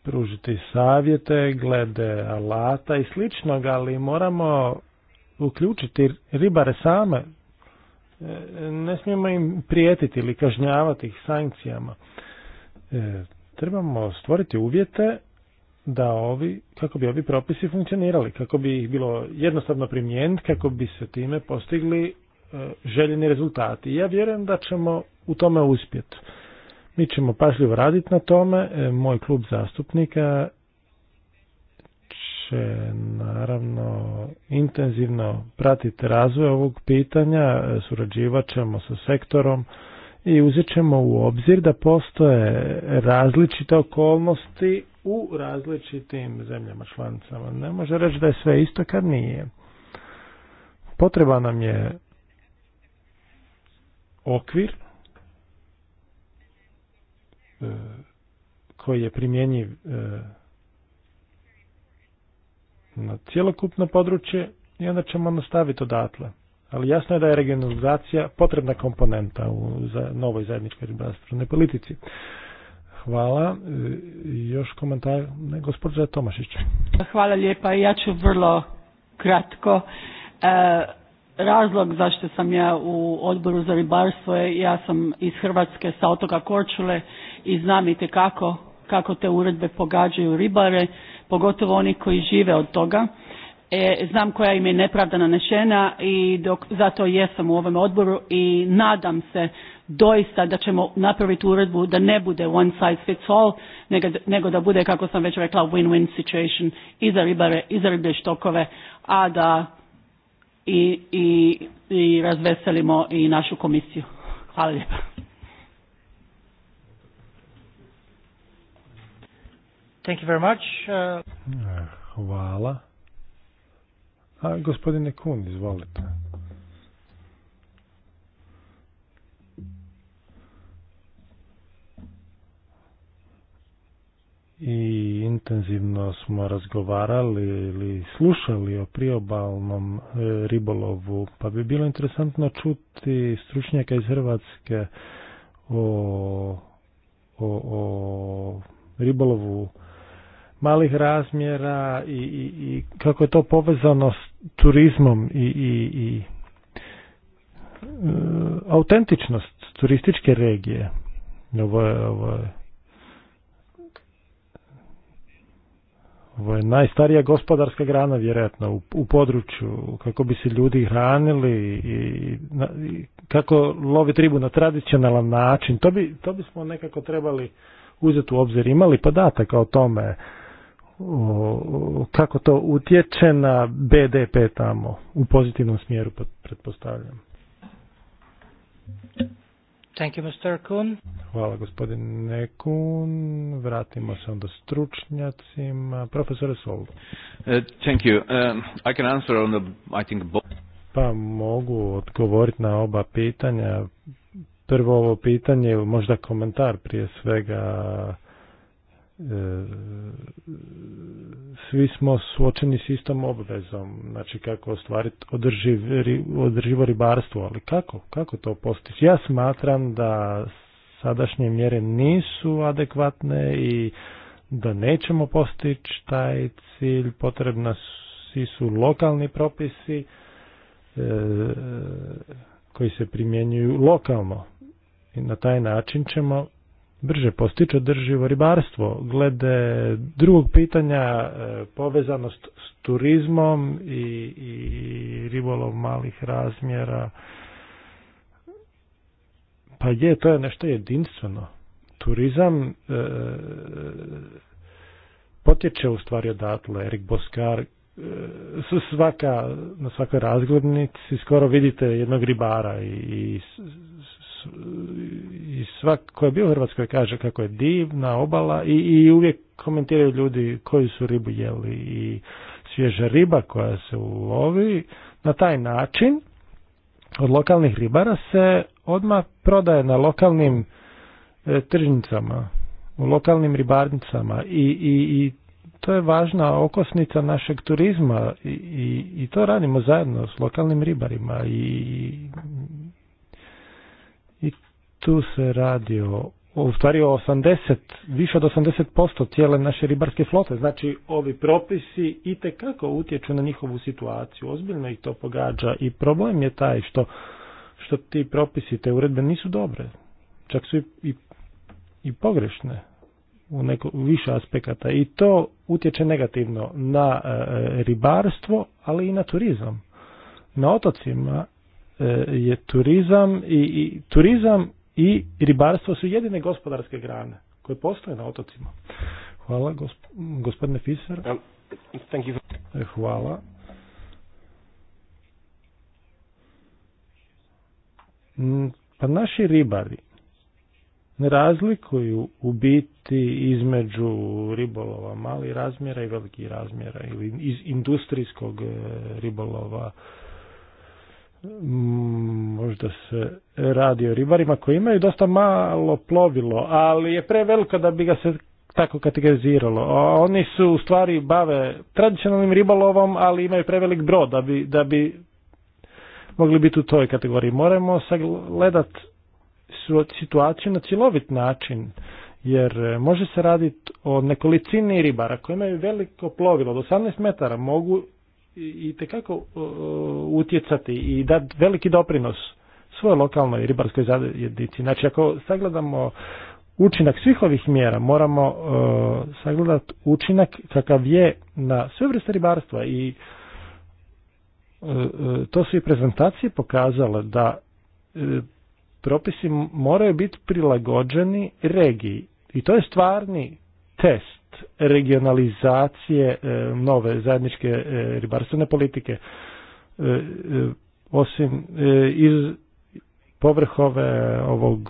pružiti savjete glede alata i sličnog, ali moramo uključiti ribare same. E, ne smijemo im prijetiti ili kažnjavati ih sankcijama. E, trebamo stvoriti uvjete da ovi, kako bi ovi propisi funkcionirali, kako bi ih bilo jednostavno primijeniti, kako bi se time postigli e, željeni rezultati. Ja vjerujem da ćemo u tome uspjeti. Mi ćemo pažljivo raditi na tome. E, moj klub zastupnika će naravno intenzivno pratiti razvoj ovog pitanja, e, surađivat ćemo sa sektorom i uzet ćemo u obzir da postoje različite okolnosti u različitim zemljama članicama. Ne može reći da je sve isto kad nije. Potreba nam je okvir e, koji je primjenjiv e, na cjelokupno područje i onda ćemo nastaviti odatle. Ali jasno je da je regionalizacija potrebna komponenta u novoj zajedničkoj ribarstvenoj politici. Hvala. E, još komentar, ne, gospođa Tomašić. Hvala lijepa. Ja ću vrlo kratko. E, razlog zašto sam ja u odboru za ribarstvo je ja sam iz Hrvatske sa otoka Korčule i znam kako kako te uredbe pogađaju ribare, pogotovo oni koji žive od toga. E, znam koja im je nepravda nanešena i dok, zato jesam u ovom odboru i nadam se doista da ćemo napraviti uredbu da ne bude one size fits all, nego, nego da bude, kako sam već rekla, win-win situation i za ribare i za riblje štokove, a da i, i, i razveselimo i našu komisiju. Hvala lijepa. Thank you very much. Uh... Hvala. A gospodine Kun, izvolite. i intenzivno smo razgovarali ili slušali o priobalnom e, ribolovu, pa bi bilo interesantno čuti stručnjaka iz Hrvatske o, o, o ribolovu malih razmjera i, i, kako je to povezano s turizmom i, i, e, autentičnost turističke regije. Ovo je, ovo je Ovo je najstarija gospodarska grana vjerojatno u, području kako bi se ljudi hranili i, i kako lovi tribu na tradicionalan način. To, bi, to bismo nekako trebali uzeti u obzir. Imali podataka o tome kako to utječe na BDP tamo u pozitivnom smjeru pretpostavljam. Thank you, Mr. Kuhn. Hvala gospodine Kuhn. Vratimo se onda stručnjacima. Profesor Sol. Uh, thank you. Um, I can answer on the, I think, both. Pa mogu odgovoriti na oba pitanja. Prvo ovo pitanje, možda komentar prije svega E, svi smo suočeni s istom obvezom, znači kako ostvariti održivo ribarstvo, ali kako? Kako to postići? Ja smatram da sadašnje mjere nisu adekvatne i da nećemo postići taj cilj, potrebna svi su lokalni propisi e, koji se primjenjuju lokalno. I na taj način ćemo brže postiče drživo ribarstvo. Glede drugog pitanja, e, povezanost s turizmom i, i ribolov malih razmjera, pa je, to je nešto jedinstveno. Turizam e, potječe u stvari odatle. Erik Boskar e, svaka, na svakoj razglednici skoro vidite jednog ribara i, i i svak ko je bio u Hrvatskoj kaže kako je divna obala i, i uvijek komentiraju ljudi koju su ribu jeli i svježa riba koja se ulovi na taj način od lokalnih ribara se odmah prodaje na lokalnim e, tržnicama, u lokalnim ribarnicama i, i, i to je važna okosnica našeg turizma i, i, i to radimo zajedno s lokalnim ribarima i tu se radi o u stvari o 80, više od 80% cijele naše ribarske flote. Znači, ovi propisi i kako utječu na njihovu situaciju. Ozbiljno ih to pogađa i problem je taj što, što ti propisi, te uredbe nisu dobre. Čak su i, i, pogrešne u neko, više aspekata. I to utječe negativno na e, ribarstvo, ali i na turizam. Na otocima e, je turizam i, i turizam i ribarstvo su jedine gospodarske grane koje postoje na otocima. Hvala, gospodine um, e, Hvala. Mm, pa naši ribari ne razlikuju u biti između ribolova malih razmjera i velikih razmjera ili iz industrijskog e, ribolova Mm, možda se radi o ribarima koji imaju dosta malo plovilo, ali je preveliko da bi ga se tako kategoriziralo. Oni su u stvari bave tradicionalnim ribolovom, ali imaju prevelik brod da bi, da bi mogli biti u toj kategoriji. Moramo sagledati situaciju na cjelovit način, jer može se raditi o nekolicini ribara koji imaju veliko plovilo, do 18 metara mogu i tekako e, utjecati i dati veliki doprinos svojoj lokalnoj ribarskoj zajednici. Znači ako sagledamo učinak svih ovih mjera moramo e, sagledati učinak kakav je na sve vrste ribarstva i e, to su i prezentacije pokazale da propisi moraju biti prilagođeni regiji i to je stvarni test regionalizacije e, nove zajedničke e, ribarstvene politike. E, osim iz povrhove ovog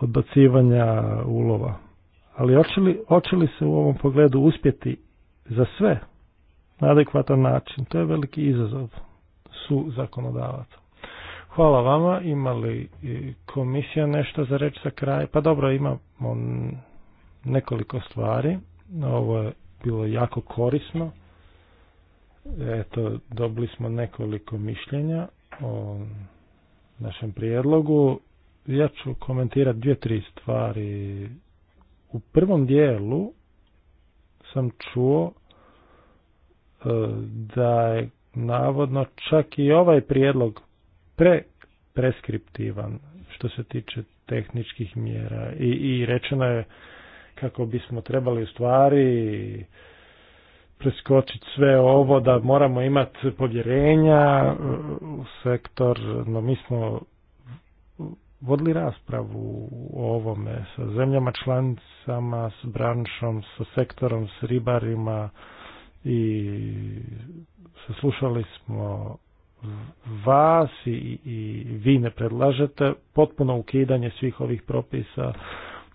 odbacivanja ulova. Ali hoće li, hoće li se u ovom pogledu uspjeti za sve na adekvatan način? To je veliki izazov su zakonodavaca. Hvala vama. Ima li komisija nešto za reći za kraj? Pa dobro, imamo nekoliko stvari. Ovo je bilo jako korisno. Eto, dobili smo nekoliko mišljenja o našem prijedlogu. Ja ću komentirati dvije, tri stvari. U prvom dijelu sam čuo e, da je navodno čak i ovaj prijedlog pre preskriptivan što se tiče tehničkih mjera i, i rečeno je kako bismo trebali u stvari preskočiti sve ovo, da moramo imati povjerenja u sektor, no mi smo vodili raspravu o ovome sa zemljama članicama, s branšom, sa sektorom, s ribarima i saslušali smo vas i, i vi ne predlažete potpuno ukidanje svih ovih propisa,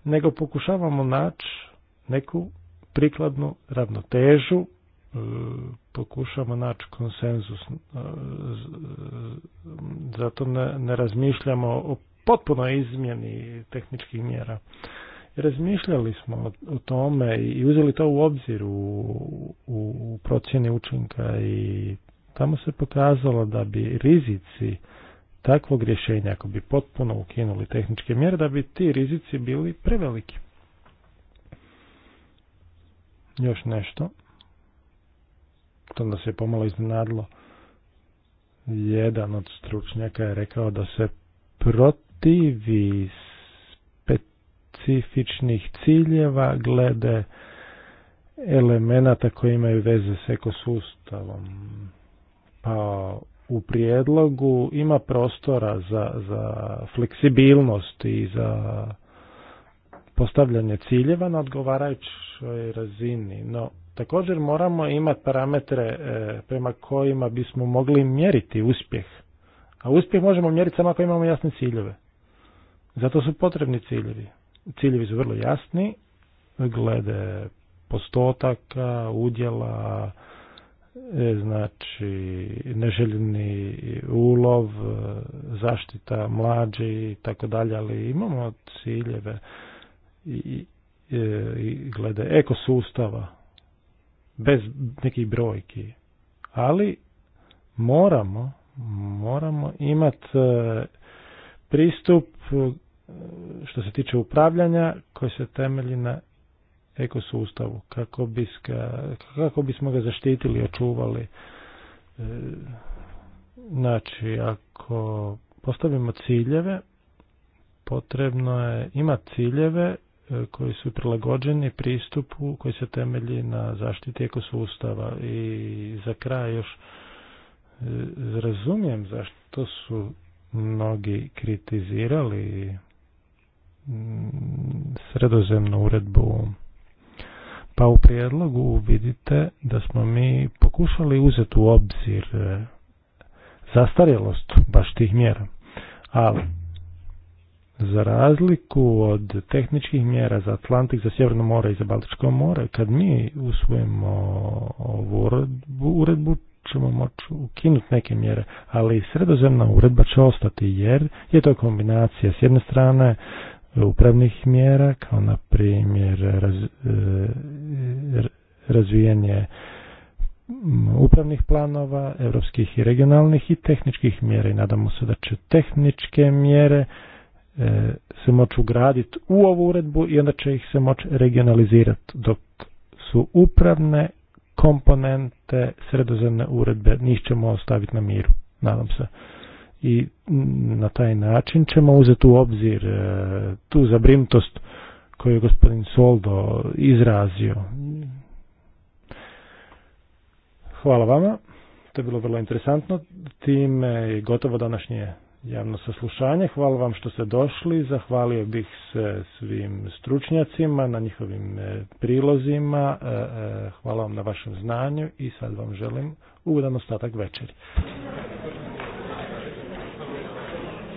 nego pokušavamo naći neku prikladnu ravnotežu, e, pokušamo naći konsenzus, e, zato ne, ne razmišljamo o potpuno izmjeni tehničkih mjera. Razmišljali smo o tome i uzeli to u obzir u, u procjeni učinka i Tamo se pokazalo da bi rizici takvog rješenja, ako bi potpuno ukinuli tehničke mjere, da bi ti rizici bili preveliki. Još nešto. To nas je pomalo iznenadilo. Jedan od stručnjaka je rekao da se protivi specifičnih ciljeva glede elemenata koji imaju veze s ekosustavom pa u prijedlogu ima prostora za, za fleksibilnost i za postavljanje ciljeva na odgovarajućoj razini. No, također moramo imati parametre e, prema kojima bismo mogli mjeriti uspjeh. A uspjeh možemo mjeriti samo ako imamo jasne ciljeve. Zato su potrebni ciljevi. Ciljevi su vrlo jasni glede postotaka, udjela, E, znači neželjeni ulov, e, zaštita mlađi i tako dalje, ali imamo ciljeve i, i, e, i glede ekosustava bez nekih brojki. Ali moramo moramo imati pristup što se tiče upravljanja koji se temelji na ekosustavu kako, kako bismo ga zaštitili i očuvali. E, znači, ako postavimo ciljeve, potrebno je imati ciljeve e, koji su prilagođeni pristupu koji se temelji na zaštiti ekosustava. I za kraj još e, razumijem zašto su mnogi kritizirali sredozemnu uredbu pa u prijedlogu vidite da smo mi pokušali uzeti u obzir e, zastarjelost baš tih mjera. Ali, za razliku od tehničkih mjera za Atlantik, za Sjeverno more i za Baltičko more, kad mi usvojimo ovu uredbu, ćemo moći ukinuti neke mjere, ali sredozemna uredba će ostati jer je to kombinacija s jedne strane upravnih mjera, kao na primjer raz, e, razvijanje upravnih planova, europskih i regionalnih i tehničkih mjera i nadamo se da će tehničke mjere e, se moći ugraditi u ovu uredbu i onda će ih se moći regionalizirati dok su upravne komponente sredozemne uredbe njih ćemo ostaviti na miru, nadam se i na taj način ćemo uzeti u obzir e, tu zabrimtost koju je gospodin Soldo izrazio. Hvala vama, to je bilo vrlo interesantno. Time je gotovo današnje javno saslušanje. Hvala vam što ste došli. Zahvalio bih se svim stručnjacima na njihovim e, prilozima. E, hvala vam na vašem znanju i sad vam želim ugodan ostatak večeri.